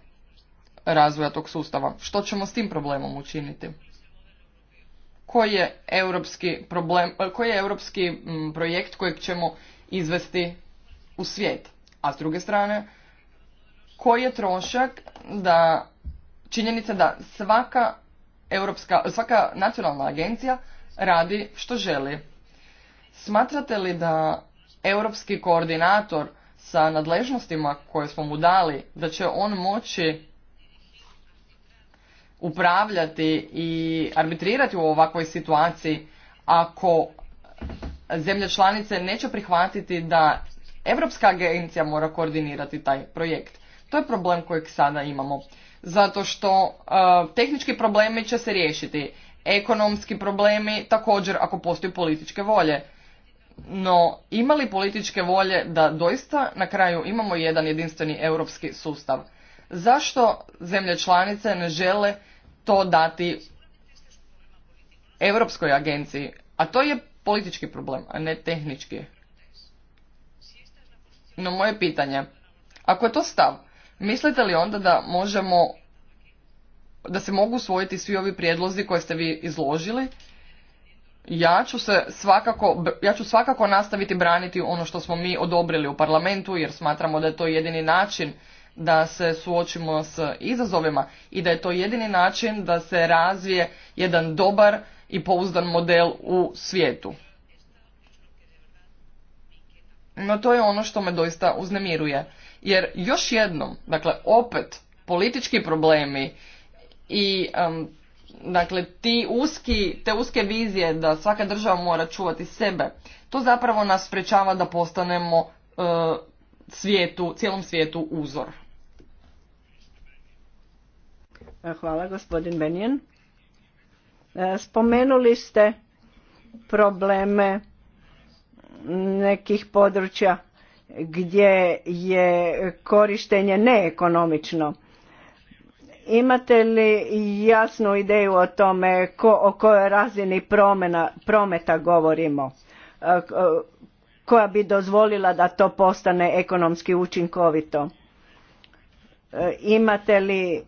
razvoja tog sustava. Što ćemo s tim problemom učiniti? Koji je europski, problem, koji je europski projekt kojeg ćemo izvesti u svijet? A s druge strane, koji je trošak da činjenica da svaka, europska, svaka nacionalna agencija radi što želi. Smatrate li da europski koordinator sa nadležnostima koje smo mu dali, da će on moći upravljati i arbitrirati u ovakvoj situaciji ako zemlje članice neće prihvatiti da Europska agencija mora koordinirati taj projekt. To je problem kojeg sada imamo zato što e, tehnički problemi će se riješiti, ekonomski problemi također ako postoji političke volje. No, ima li političke volje da doista na kraju imamo jedan jedinstveni europski sustav? Zašto zemlje članice ne žele to dati Europskoj agenciji? A to je politički problem, a ne tehnički. No moje pitanje, ako je to stav, mislite li onda da možemo, da se mogu usvojiti svi ovi prijedlozi koje ste vi izložili? Ja ću, se svakako, ja ću svakako nastaviti braniti ono što smo mi odobrili u parlamentu jer smatramo da je to jedini način da se suočimo s izazovima i da je to jedini način da se razvije jedan dobar i pouzdan model u svijetu. No to je ono što me doista uznemiruje. Jer još jednom, dakle opet politički problemi i dakle ti te uske vizije da svaka država mora čuvati sebe, to zapravo nas sprečava da postanemo e, svijetu, cijelom svijetu uzor. E, hvala gospodin Benjen. E, spomenuli ste probleme nekih područja gdje je korištenje neekonomično. Imate li jasnu ideju o tome o kojoj razini prometa govorimo e, koja bi dozvolila da to postane ekonomski učinkovito? E, imate li e,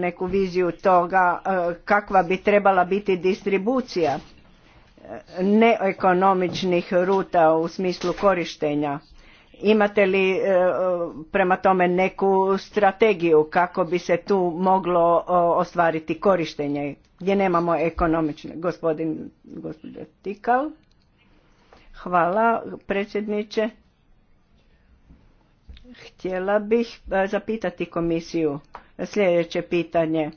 neku viziju toga kakva bi trebala biti distribucija? neekonomičnih ruta u smislu korištenja. Imate li e, prema tome neku strategiju kako bi se tu moglo ostvariti korištenje gdje nemamo ekonomične? Gospodin, Tikal. Hvala predsjedniče. Htjela bih e, zapitati komisiju sljedeće pitanje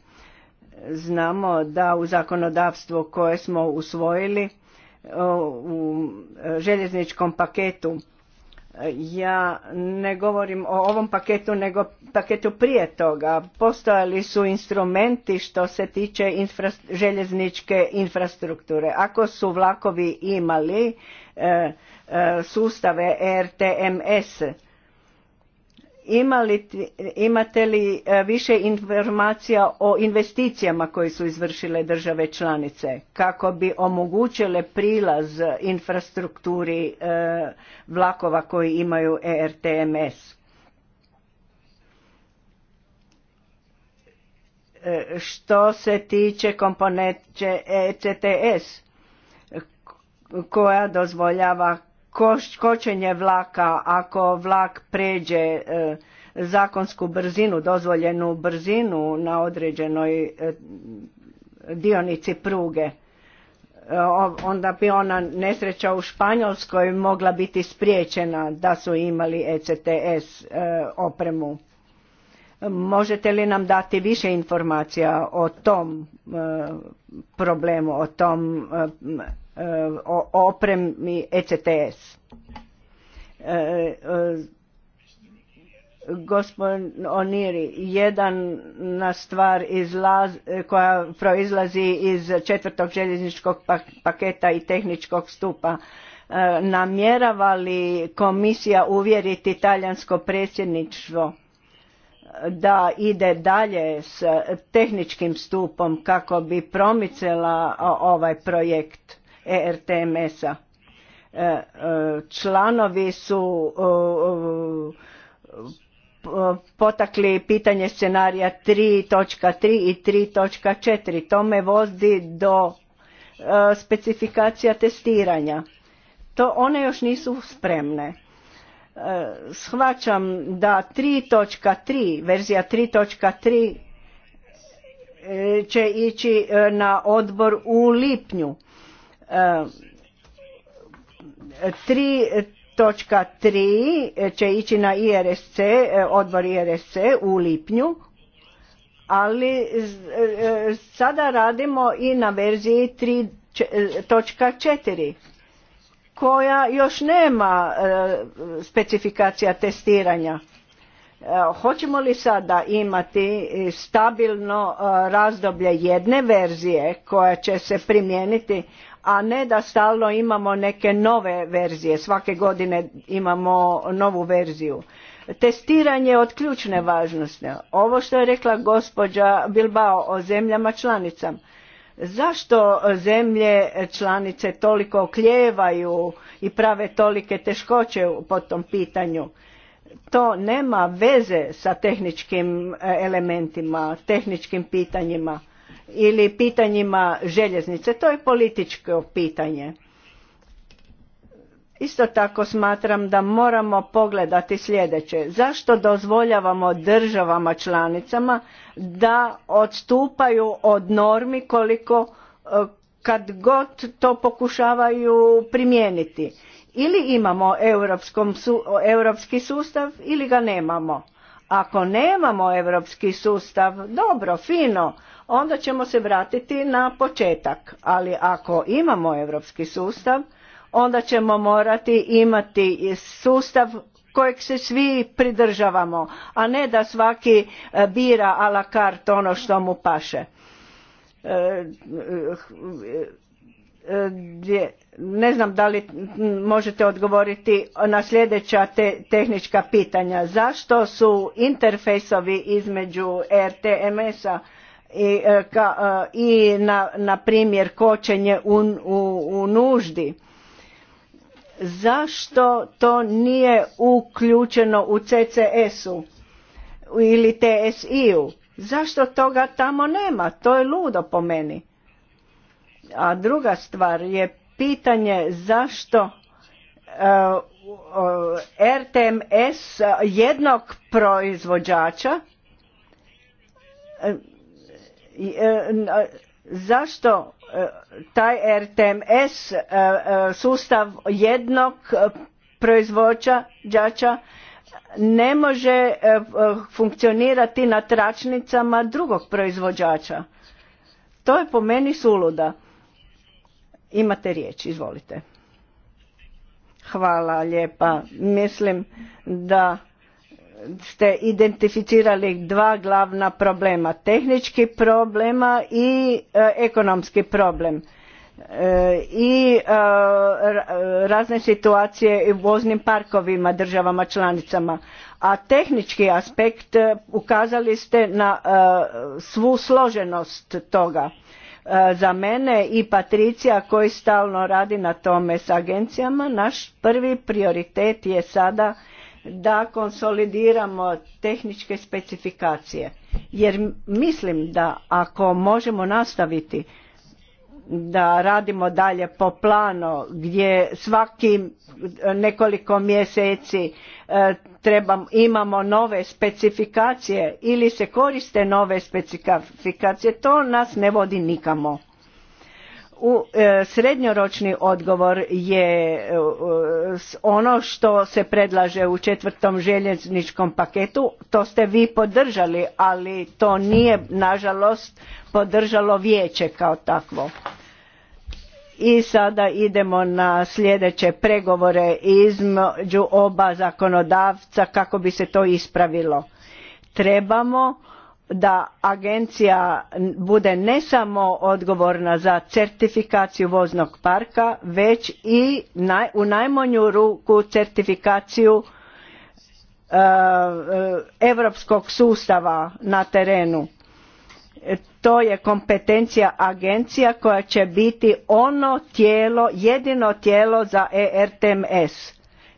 Znamo da u zakonodavstvu koje smo usvojili e, u e, željezničkom paketu, e, ja ne govorim o ovom paketu nego paketu prije toga, postojali su instrumenti što se tiče željezničke infrastrukture. Ako su vlakovi imali sustave ERTMS, imate li e, više informacija o investicijama koje su izvršile države članice kako bi omogućile prilaz infrastrukturi e, vlakova koji imaju ERTMS? E, što se tiče komponente ECTS koja dozvoljava kočenje vlaka ako vlak pređe e, zakonsku brzinu, dozvoljenu brzinu na određenoj e, dionici pruge. E, onda bi ona nesreća u Španjolskoj mogla biti spriječena da su imali ECTS opremu. Možete li nam dati više informacija o tom problemu, o tom o opremi ECTS. E, e, Gospod Oniri, jedan na stvar koja proizlazi iz četvrtog željezničkog paketa i tehničkog stupa, e, namjerava li komisija uvjeriti talijansko predsjedništvo da ide dalje s tehničkim stupom kako bi promicala ovaj projekt ERTMS-a. E, e, članovi su e, potakli pitanje scenarija 3.3 i 3.4. To me vozi do specifikacija testiranja. To one još nisu spremne. Shvaćam da 3.3, verzija 3.3 će ići na odbor u lipnju 3.3 će ići na IRSC, e, odbor IRSC u lipnju, ali e, e, sada radimo i na verziji 3.4 koja još nema specifikacija testiranja. Hoćemo li sada imati stabilno razdoblje jedne verzije koja će se primijeniti, a ne da stalno imamo neke nove verzije svake godine imamo novu verziju testiranje od ključne važnosti ovo što je rekla gospođa Bilbao o zemljama članicama zašto zemlje članice toliko oklijevaju i prave tolike teškoće po tom pitanju to nema veze sa tehničkim elementima tehničkim pitanjima ili pitanjima željeznice. To je političko pitanje. Isto tako smatram da moramo pogledati sljedeće. Zašto dozvoljavamo državama članicama da odstupaju od normi koliko e, kad god to pokušavaju primijeniti? Ili imamo europski sustav ili ga nemamo. Ako nemamo europski sustav, dobro, fino, onda ćemo se vratiti na početak. Ali ako imamo europski sustav, onda ćemo morati imati sustav kojeg se svi pridržavamo, a ne da svaki e, bira a la carte ono što mu paše. E, e, ne znam da li možete odgovoriti na sljedeća tehnička pitanja. Zašto su interfejsovi između RTMS-a i, e, e, na, primjer kočenje u, nuždi zašto to nije uključeno u CCS-u ili TSI-u zašto toga tamo nema to je ludo po meni a druga stvar je pitanje zašto e, RTMS jednog proizvođača E, e, zašto e, taj RTMS sustav jednog proizvođača ne može funkcionirati na tračnicama drugog proizvođača. To je po meni suluda. Imate riječ, izvolite. Hvala lijepa. Mislim da ste identificirali dva glavna problema. Tehnički problema i e, ekonomski problem e, i e, razne situacije u voznim parkovima državama članicama. A tehnički aspekt ukazali ste na svu složenost toga. Za mene i Patricija koji stalno radi na tome s agencijama, naš prvi prioritet je sada da konsolidiramo tehničke specifikacije. Jer mislim da ako možemo nastaviti da radimo dalje po planu gdje svaki nekoliko mjeseci e, trebam, imamo nove specifikacije ili se koriste nove specifikacije, to nas ne vodi nikamo u e, srednjoročni odgovor je e, ono što se predlaže u četvrtom željezničkom paketu to ste vi podržali ali to nije nažalost podržalo vijeće kao takvo i sada idemo na sljedeće pregovore između oba zakonodavca kako bi se to ispravilo trebamo da agencija bude ne samo odgovorna za certifikaciju voznog parka već i u najmanju ruku certifikaciju e, e, evropskog europskog sustava na terenu to je kompetencija agencija koja će biti ono tijelo jedino tijelo za ERTMS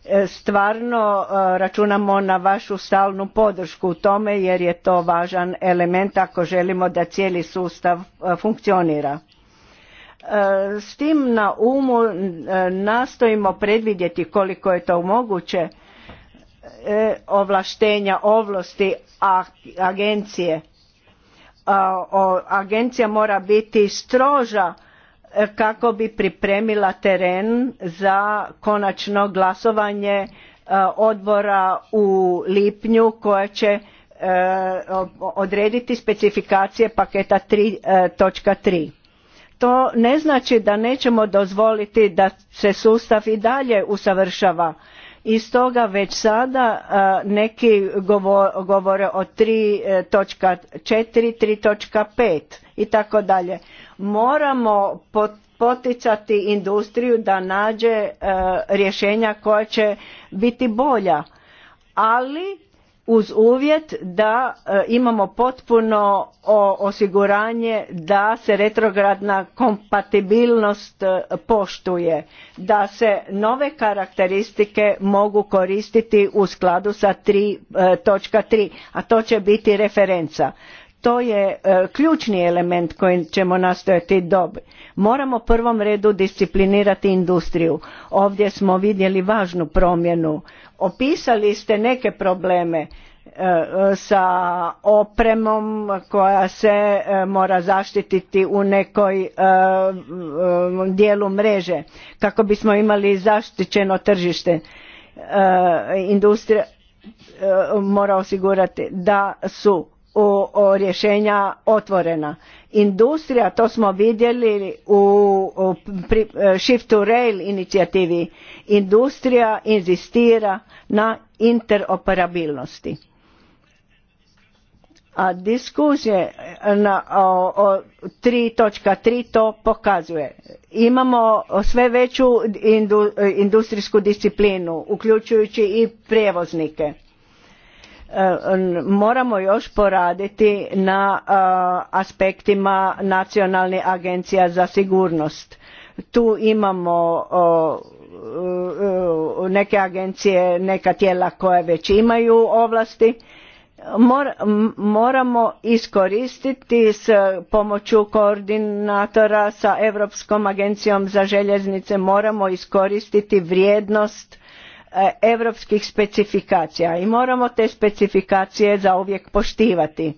E, stvarno e, računamo na vašu stalnu podršku u tome jer je to važan element ako želimo da cijeli sustav e, funkcionira. S tim na umu nastojimo predvidjeti koliko je to moguće ovlaštenja, ovlasti agencije. Agencija mora biti stroža E, kako bi pripremila teren za konačno glasovanje e, odbora u lipnju koja će e, odrediti specifikacije paketa 3.3. To ne znači da nećemo dozvoliti da se sustav i dalje usavršava. I stoga već sada neki govore o 3.4, 3.5 i tako dalje. Moramo poticati industriju da nađe e, rješenja koja će biti bolja, ali uz uvjet da e, imamo potpuno osiguranje da se retrogradna kompatibilnost e, poštuje da se nove karakteristike mogu koristiti u skladu sa 3.3 a to će biti referenca to je e, ključni element kojim ćemo nastojati dobiti. Moramo u prvom redu disciplinirati industriju. Ovdje smo vidjeli važnu promjenu. Opisali ste neke probleme e, sa opremom koja se e, mora zaštititi u nekoj dijelu mreže kako bismo imali zaštićeno tržište. Industrija mora osigurati da su rješenja otvorena. Industrija, to smo vidjeli u, e, Shift to Rail inicijativi, industrija inzistira na interoperabilnosti. A diskusije na, o, 3.3 to pokazuje. Imamo sve veću industrijsku disciplinu, uključujući i prijevoznike moramo još poraditi na aspektima nacionalnih agencija za sigurnost tu imamo neke agencije neka tijela koja već imaju ovlasti moramo iskoristiti s pomoću koordinatora sa europskom agencijom za željeznice moramo iskoristiti vrijednost europskih specifikacija i moramo te specifikacije zauvijek poštivati.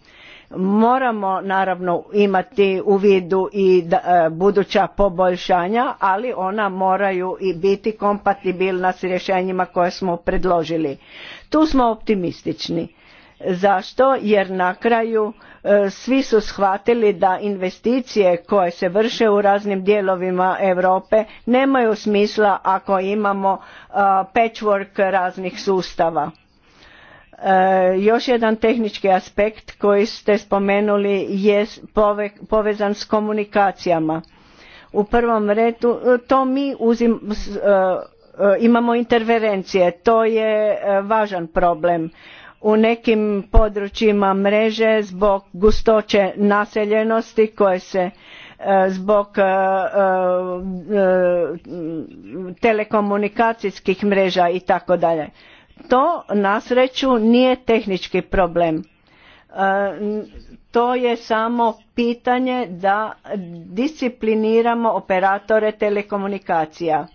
Moramo naravno imati u vidu i e, buduća poboljšanja, ali ona moraju i biti kompatibilna s rješenjima koje smo predložili. Tu smo optimistični. Zašto? Jer na kraju E, svi su shvatili da investicije koje se vrše u raznim dijelovima Europe nemaju smisla ako imamo e, patchwork raznih sustava. E, još jedan tehnički aspekt koji ste spomenuli je povezan s komunikacijama. U prvom redu to mi imamo interferencije, to je važan problem u nekim područjima mreže zbog gustoće naseljenosti koje se e, zbog e, e, telekomunikacijskih mreža i tako To na sreću nije tehnički problem. To je samo pitanje da discipliniramo operatore telekomunikacija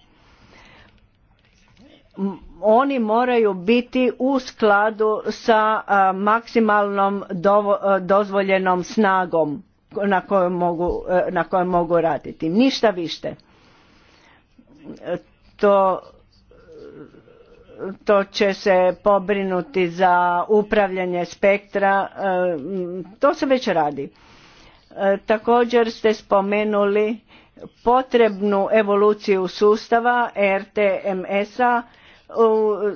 oni moraju biti u skladu sa maksimalnom dozvoljenom snagom e, na kojoj mogu, raditi. Ništa više. To, to će se pobrinuti za upravljanje spektra. E, to se već radi. E, također ste spomenuli potrebnu evoluciju sustava RTMS-a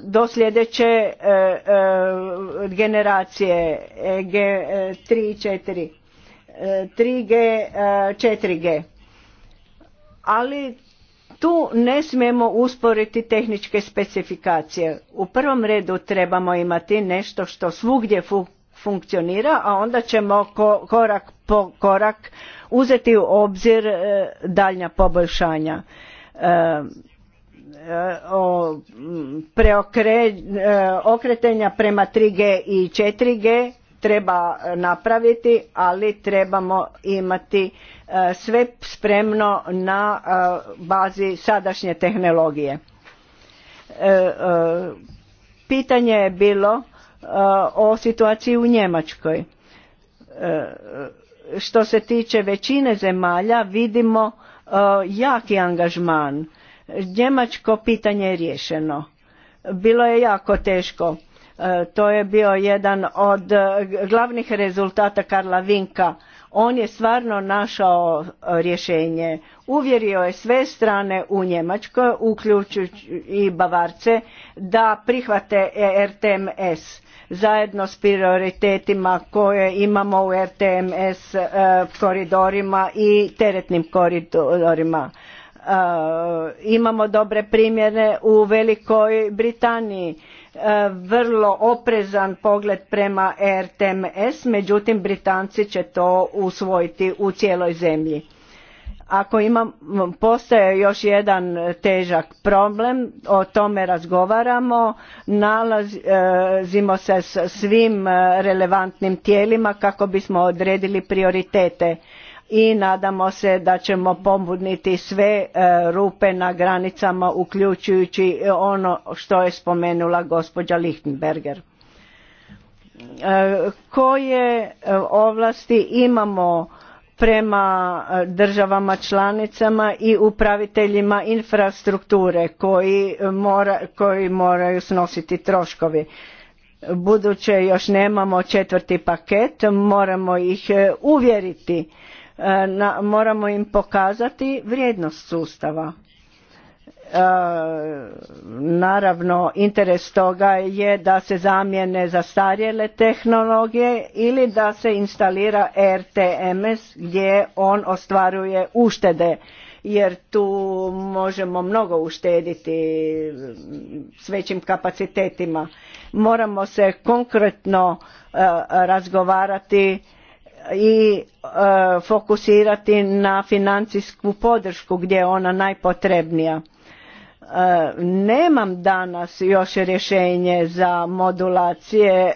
do sljedeće e, e, generacije G3 i 4. 3G, 4G. Ali tu ne smijemo usporiti tehničke specifikacije. U prvom redu trebamo imati nešto što svugdje funkcionira, a onda ćemo korak po korak uzeti u obzir e, daljnja poboljšanja o e, okretenja prema 3G i 4G treba napraviti, ali trebamo imati e, sve spremno na e, bazi sadašnje tehnologije. Pitanje je bilo o situaciji u Njemačkoj. Što se tiče većine zemalja vidimo jaki angažman Njemačko pitanje je riješeno. Bilo je jako teško. E, to je bio jedan od e, glavnih rezultata Karla Vinka. On je stvarno našao e, rješenje. Uvjerio je sve strane u Njemačkoj, uključujući i Bavarce, da prihvate RTMS zajedno s prioritetima koje imamo u RTMS koridorima i teretnim koridorima Eh, imamo dobre primjere u Velikoj Britaniji, eh, vrlo oprezan pogled prema RTMS, međutim Britanci će to usvojiti u cijeloj zemlji. Ako imam, postoje još jedan težak problem, o tome razgovaramo, nalazimo se s svim relevantnim tijelima kako bismo odredili prioritete i nadamo se da ćemo pomudniti sve e, rupe na granicama uključujući e, ono što je spomenula gospođa Lichtenberger. E, koje ovlasti imamo prema državama članicama i upraviteljima infrastrukture koji, mora, koji moraju snositi troškovi buduće još nemamo četvrti paket moramo ih uvjeriti E, moramo im pokazati vrijednost sustava. E, naravno interes toga je da se zamijene zastarjele tehnologije ili da se instalira RTMS gdje on ostvaruje uštede jer tu možemo mnogo uštediti s većim kapacitetima. Moramo se konkretno e, razgovarati i e, fokusirati na financijsku podršku gdje je ona najpotrebnija e, nemam danas još rješenje za modulacije e,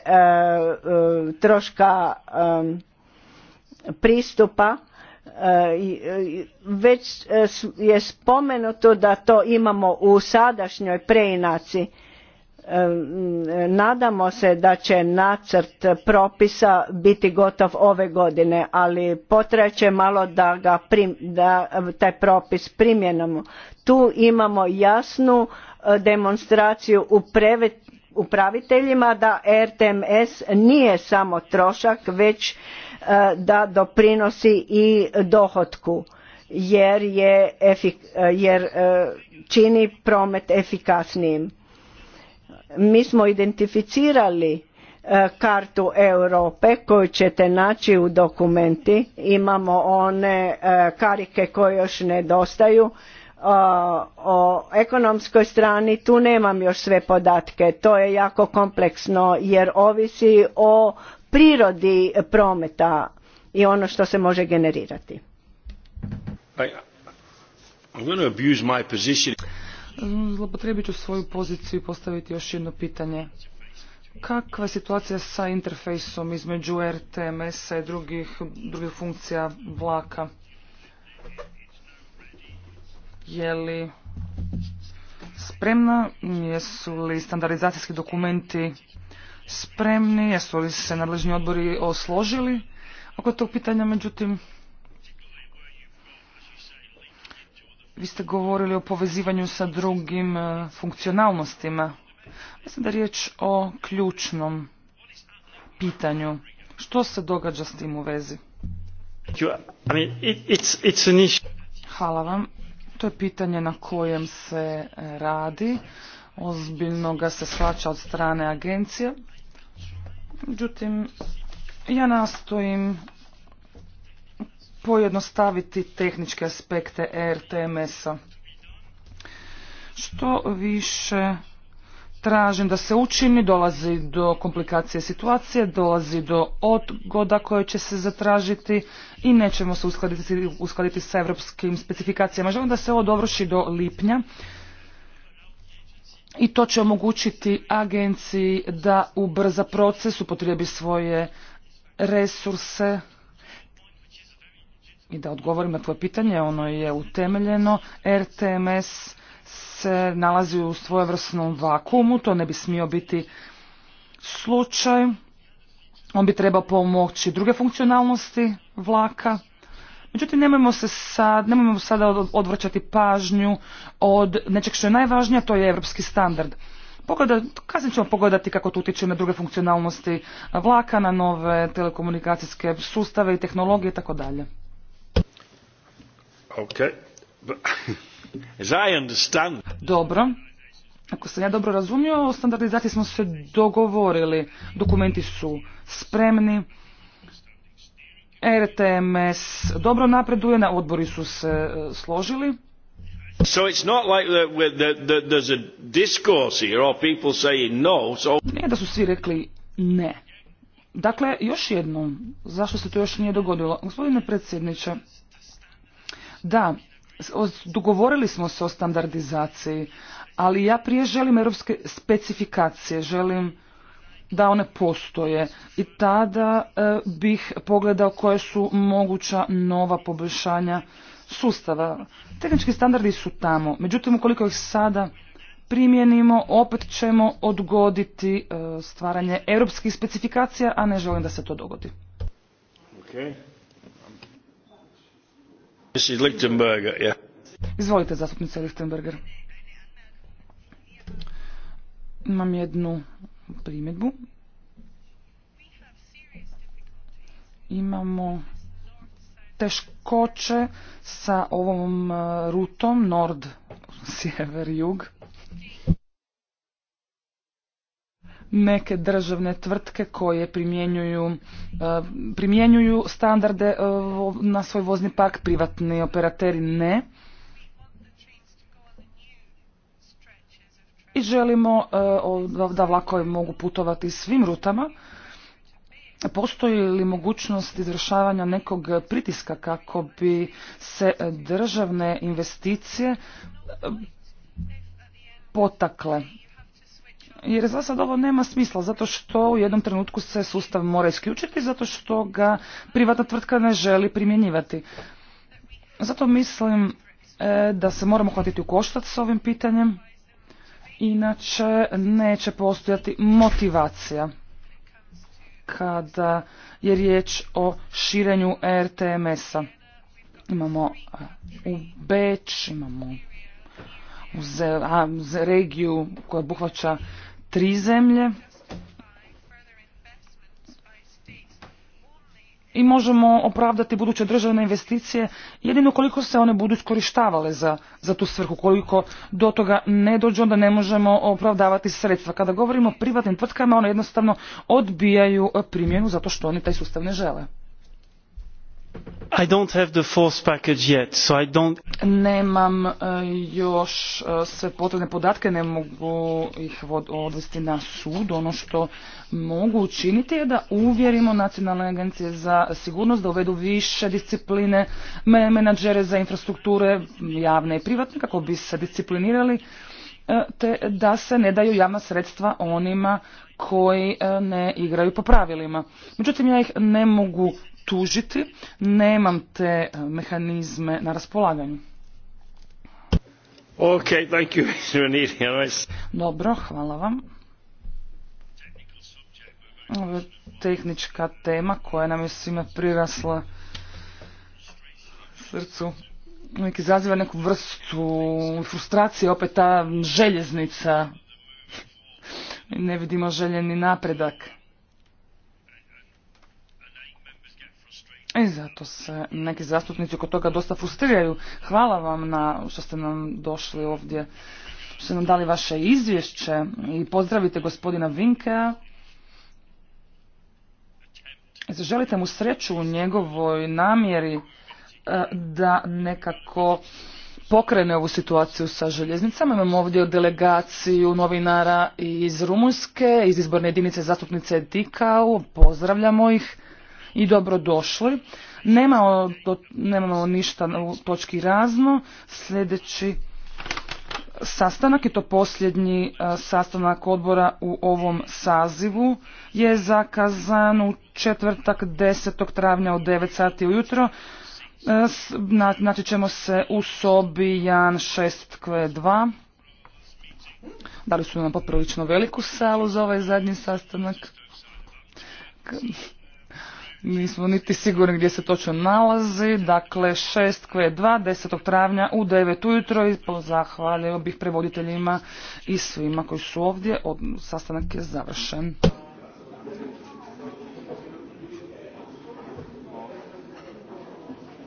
troška pristupa već je spomenuto da to imamo u sadašnjoj preinaci nadamo se da će nacrt propisa biti gotov ove godine ali će malo da taj propis primjenimo tu imamo jasnu e, demonstraciju u upraviteljima da RTMS nije samo trošak već e, da doprinosi i dohotku jer je e, jer čini promet efikasnijim mi smo identificirali e, kartu Europe koju ćete naći u dokumenti. Imamo one e, karike koje još nedostaju. E, o ekonomskoj strani tu nemam još sve podatke. To je jako kompleksno jer ovisi o prirodi prometa i ono što se može generirati. Mm, Zlopotrebit ću svoju poziciju i postaviti još jedno pitanje. Kakva je situacija sa interfejsom između RTMS-a i drugih, drugih funkcija vlaka? Je li spremna? Jesu li standardizacijski dokumenti spremni? Jesu li se nadležni odbori osložili? Oko tog pitanja, međutim, vi ste govorili o povezivanju sa drugim e, funkcionalnostima. Mislim da riječ o ključnom pitanju. Što se događa s tim u vezi? Hvala vam. To je pitanje na kojem se e, radi. Ozbiljno ga se shvaća od strane agencije. Međutim, ja nastojim pojednostaviti tehničke aspekte ERTMS-a. Što više tražim da se učini, dolazi do komplikacije situacije, dolazi do odgoda koje će se zatražiti i nećemo se uskladiti, uskladiti sa evropskim specifikacijama. Želim da se ovo dovrši do lipnja i to će omogućiti agenciji da ubrza proces, upotrijebi svoje resurse i da odgovorim na tvoje pitanje, ono je utemeljeno. RTMS se nalazi u svojevrsnom vakumu, to ne bi smio biti slučaj. On bi trebao pomoći druge funkcionalnosti vlaka. Međutim, nemojmo se sad, nemojmo sada odvrćati pažnju od nečeg što je najvažnije, to je evropski standard. Pogleda, kasnije ćemo pogledati kako to utječe na druge funkcionalnosti vlaka, na nove telekomunikacijske sustave i tehnologije i tako dalje. Dobro. Ako sam ja dobro razumio, o standardizaciji smo se dogovorili. Dokumenti su spremni. RTMS dobro napreduje, na odbori su se složili. Nije da su svi rekli ne. Dakle, još jednom, zašto se to još nije dogodilo? Gospodine predsjedniče, da, dogovorili smo se o standardizaciji, ali ja prije želim europske specifikacije, želim da one postoje i tada e, bih pogledao koje su moguća nova poboljšanja sustava. Tehnički standardi su tamo, međutim ukoliko ih sada primjenimo, opet ćemo odgoditi e, stvaranje europskih specifikacija, a ne želim da se to dogodi. Okay. Lichtenberger, Izvolite, zastupnice Lichtenberger. Imam jednu primjedbu. Imamo teškoće sa ovom eh, rutom nord sjever jug neke državne tvrtke koje primjenjuju, e, primjenjuju standarde e, na svoj vozni park, privatni operateri ne. I želimo e, da vlakovi mogu putovati svim rutama. Postoji li mogućnost izvršavanja nekog pritiska kako bi se državne investicije potakle? jer za sad ovo nema smisla, zato što u jednom trenutku se sustav mora isključiti, zato što ga privatna tvrtka ne želi primjenjivati. Zato mislim e, da se moramo hvatiti u koštac s ovim pitanjem, inače neće postojati motivacija kada je riječ o širenju RTMS-a. Imamo e, u Beč, imamo u regiju koja obuhvaća tri zemlje i možemo opravdati buduće državne investicije jedino koliko se one budu iskorištavale za, za tu svrhu. Koliko do toga ne dođe, onda ne možemo opravdavati sredstva. Kada govorimo o privatnim tvrtkama, one jednostavno odbijaju primjenu zato što oni taj sustav ne žele. Nemam e, još e, sve potrebne podatke, ne mogu ih odvesti na sud. Ono što mogu učiniti je da uvjerimo Nacionalne agencije za sigurnost da uvedu više discipline, menadžere za infrastrukture javne i privatne kako bi se disciplinirali e, te da se ne daju javna sredstva onima koji ne igraju po pravilima. Međutim, ja ih ne mogu tužiti, nemam te e, mehanizme na raspolaganju. Dobro, hvala vam. Ovo je tehnička tema koja nam je svima prirasla srcu. Neki izaziva neku vrstu frustracije, opet ta željeznica. Ne vidimo željeni napredak. I e, zato se neki zastupnici oko toga dosta frustriraju. Hvala vam na što ste nam došli ovdje, što ste nam dali vaše izvješće i pozdravite gospodina Vinkea. Želite mu sreću u njegovoj namjeri e, da nekako pokrene ovu situaciju sa željeznicama. Imamo ovdje delegaciju novinara iz Rumunjske, iz izborne jedinice zastupnice Dikau. Pozdravljamo ih i dobrodošli. Nemamo, nemamo ništa u točki razno. Sljedeći sastanak je to posljednji e, sastanak odbora u ovom sazivu je zakazan u četvrtak 10. travnja od 9 sati ujutro. Znači ćemo se u sobi Jan 6 li Dali su nam poprilično veliku salu za ovaj zadnji sastanak. Nismo niti sigurni gdje se točno nalazi. Dakle, 6 kve 2, 10. travnja u 9 ujutro i zahvalio bih prevoditeljima i svima koji su ovdje. Sastanak je završen.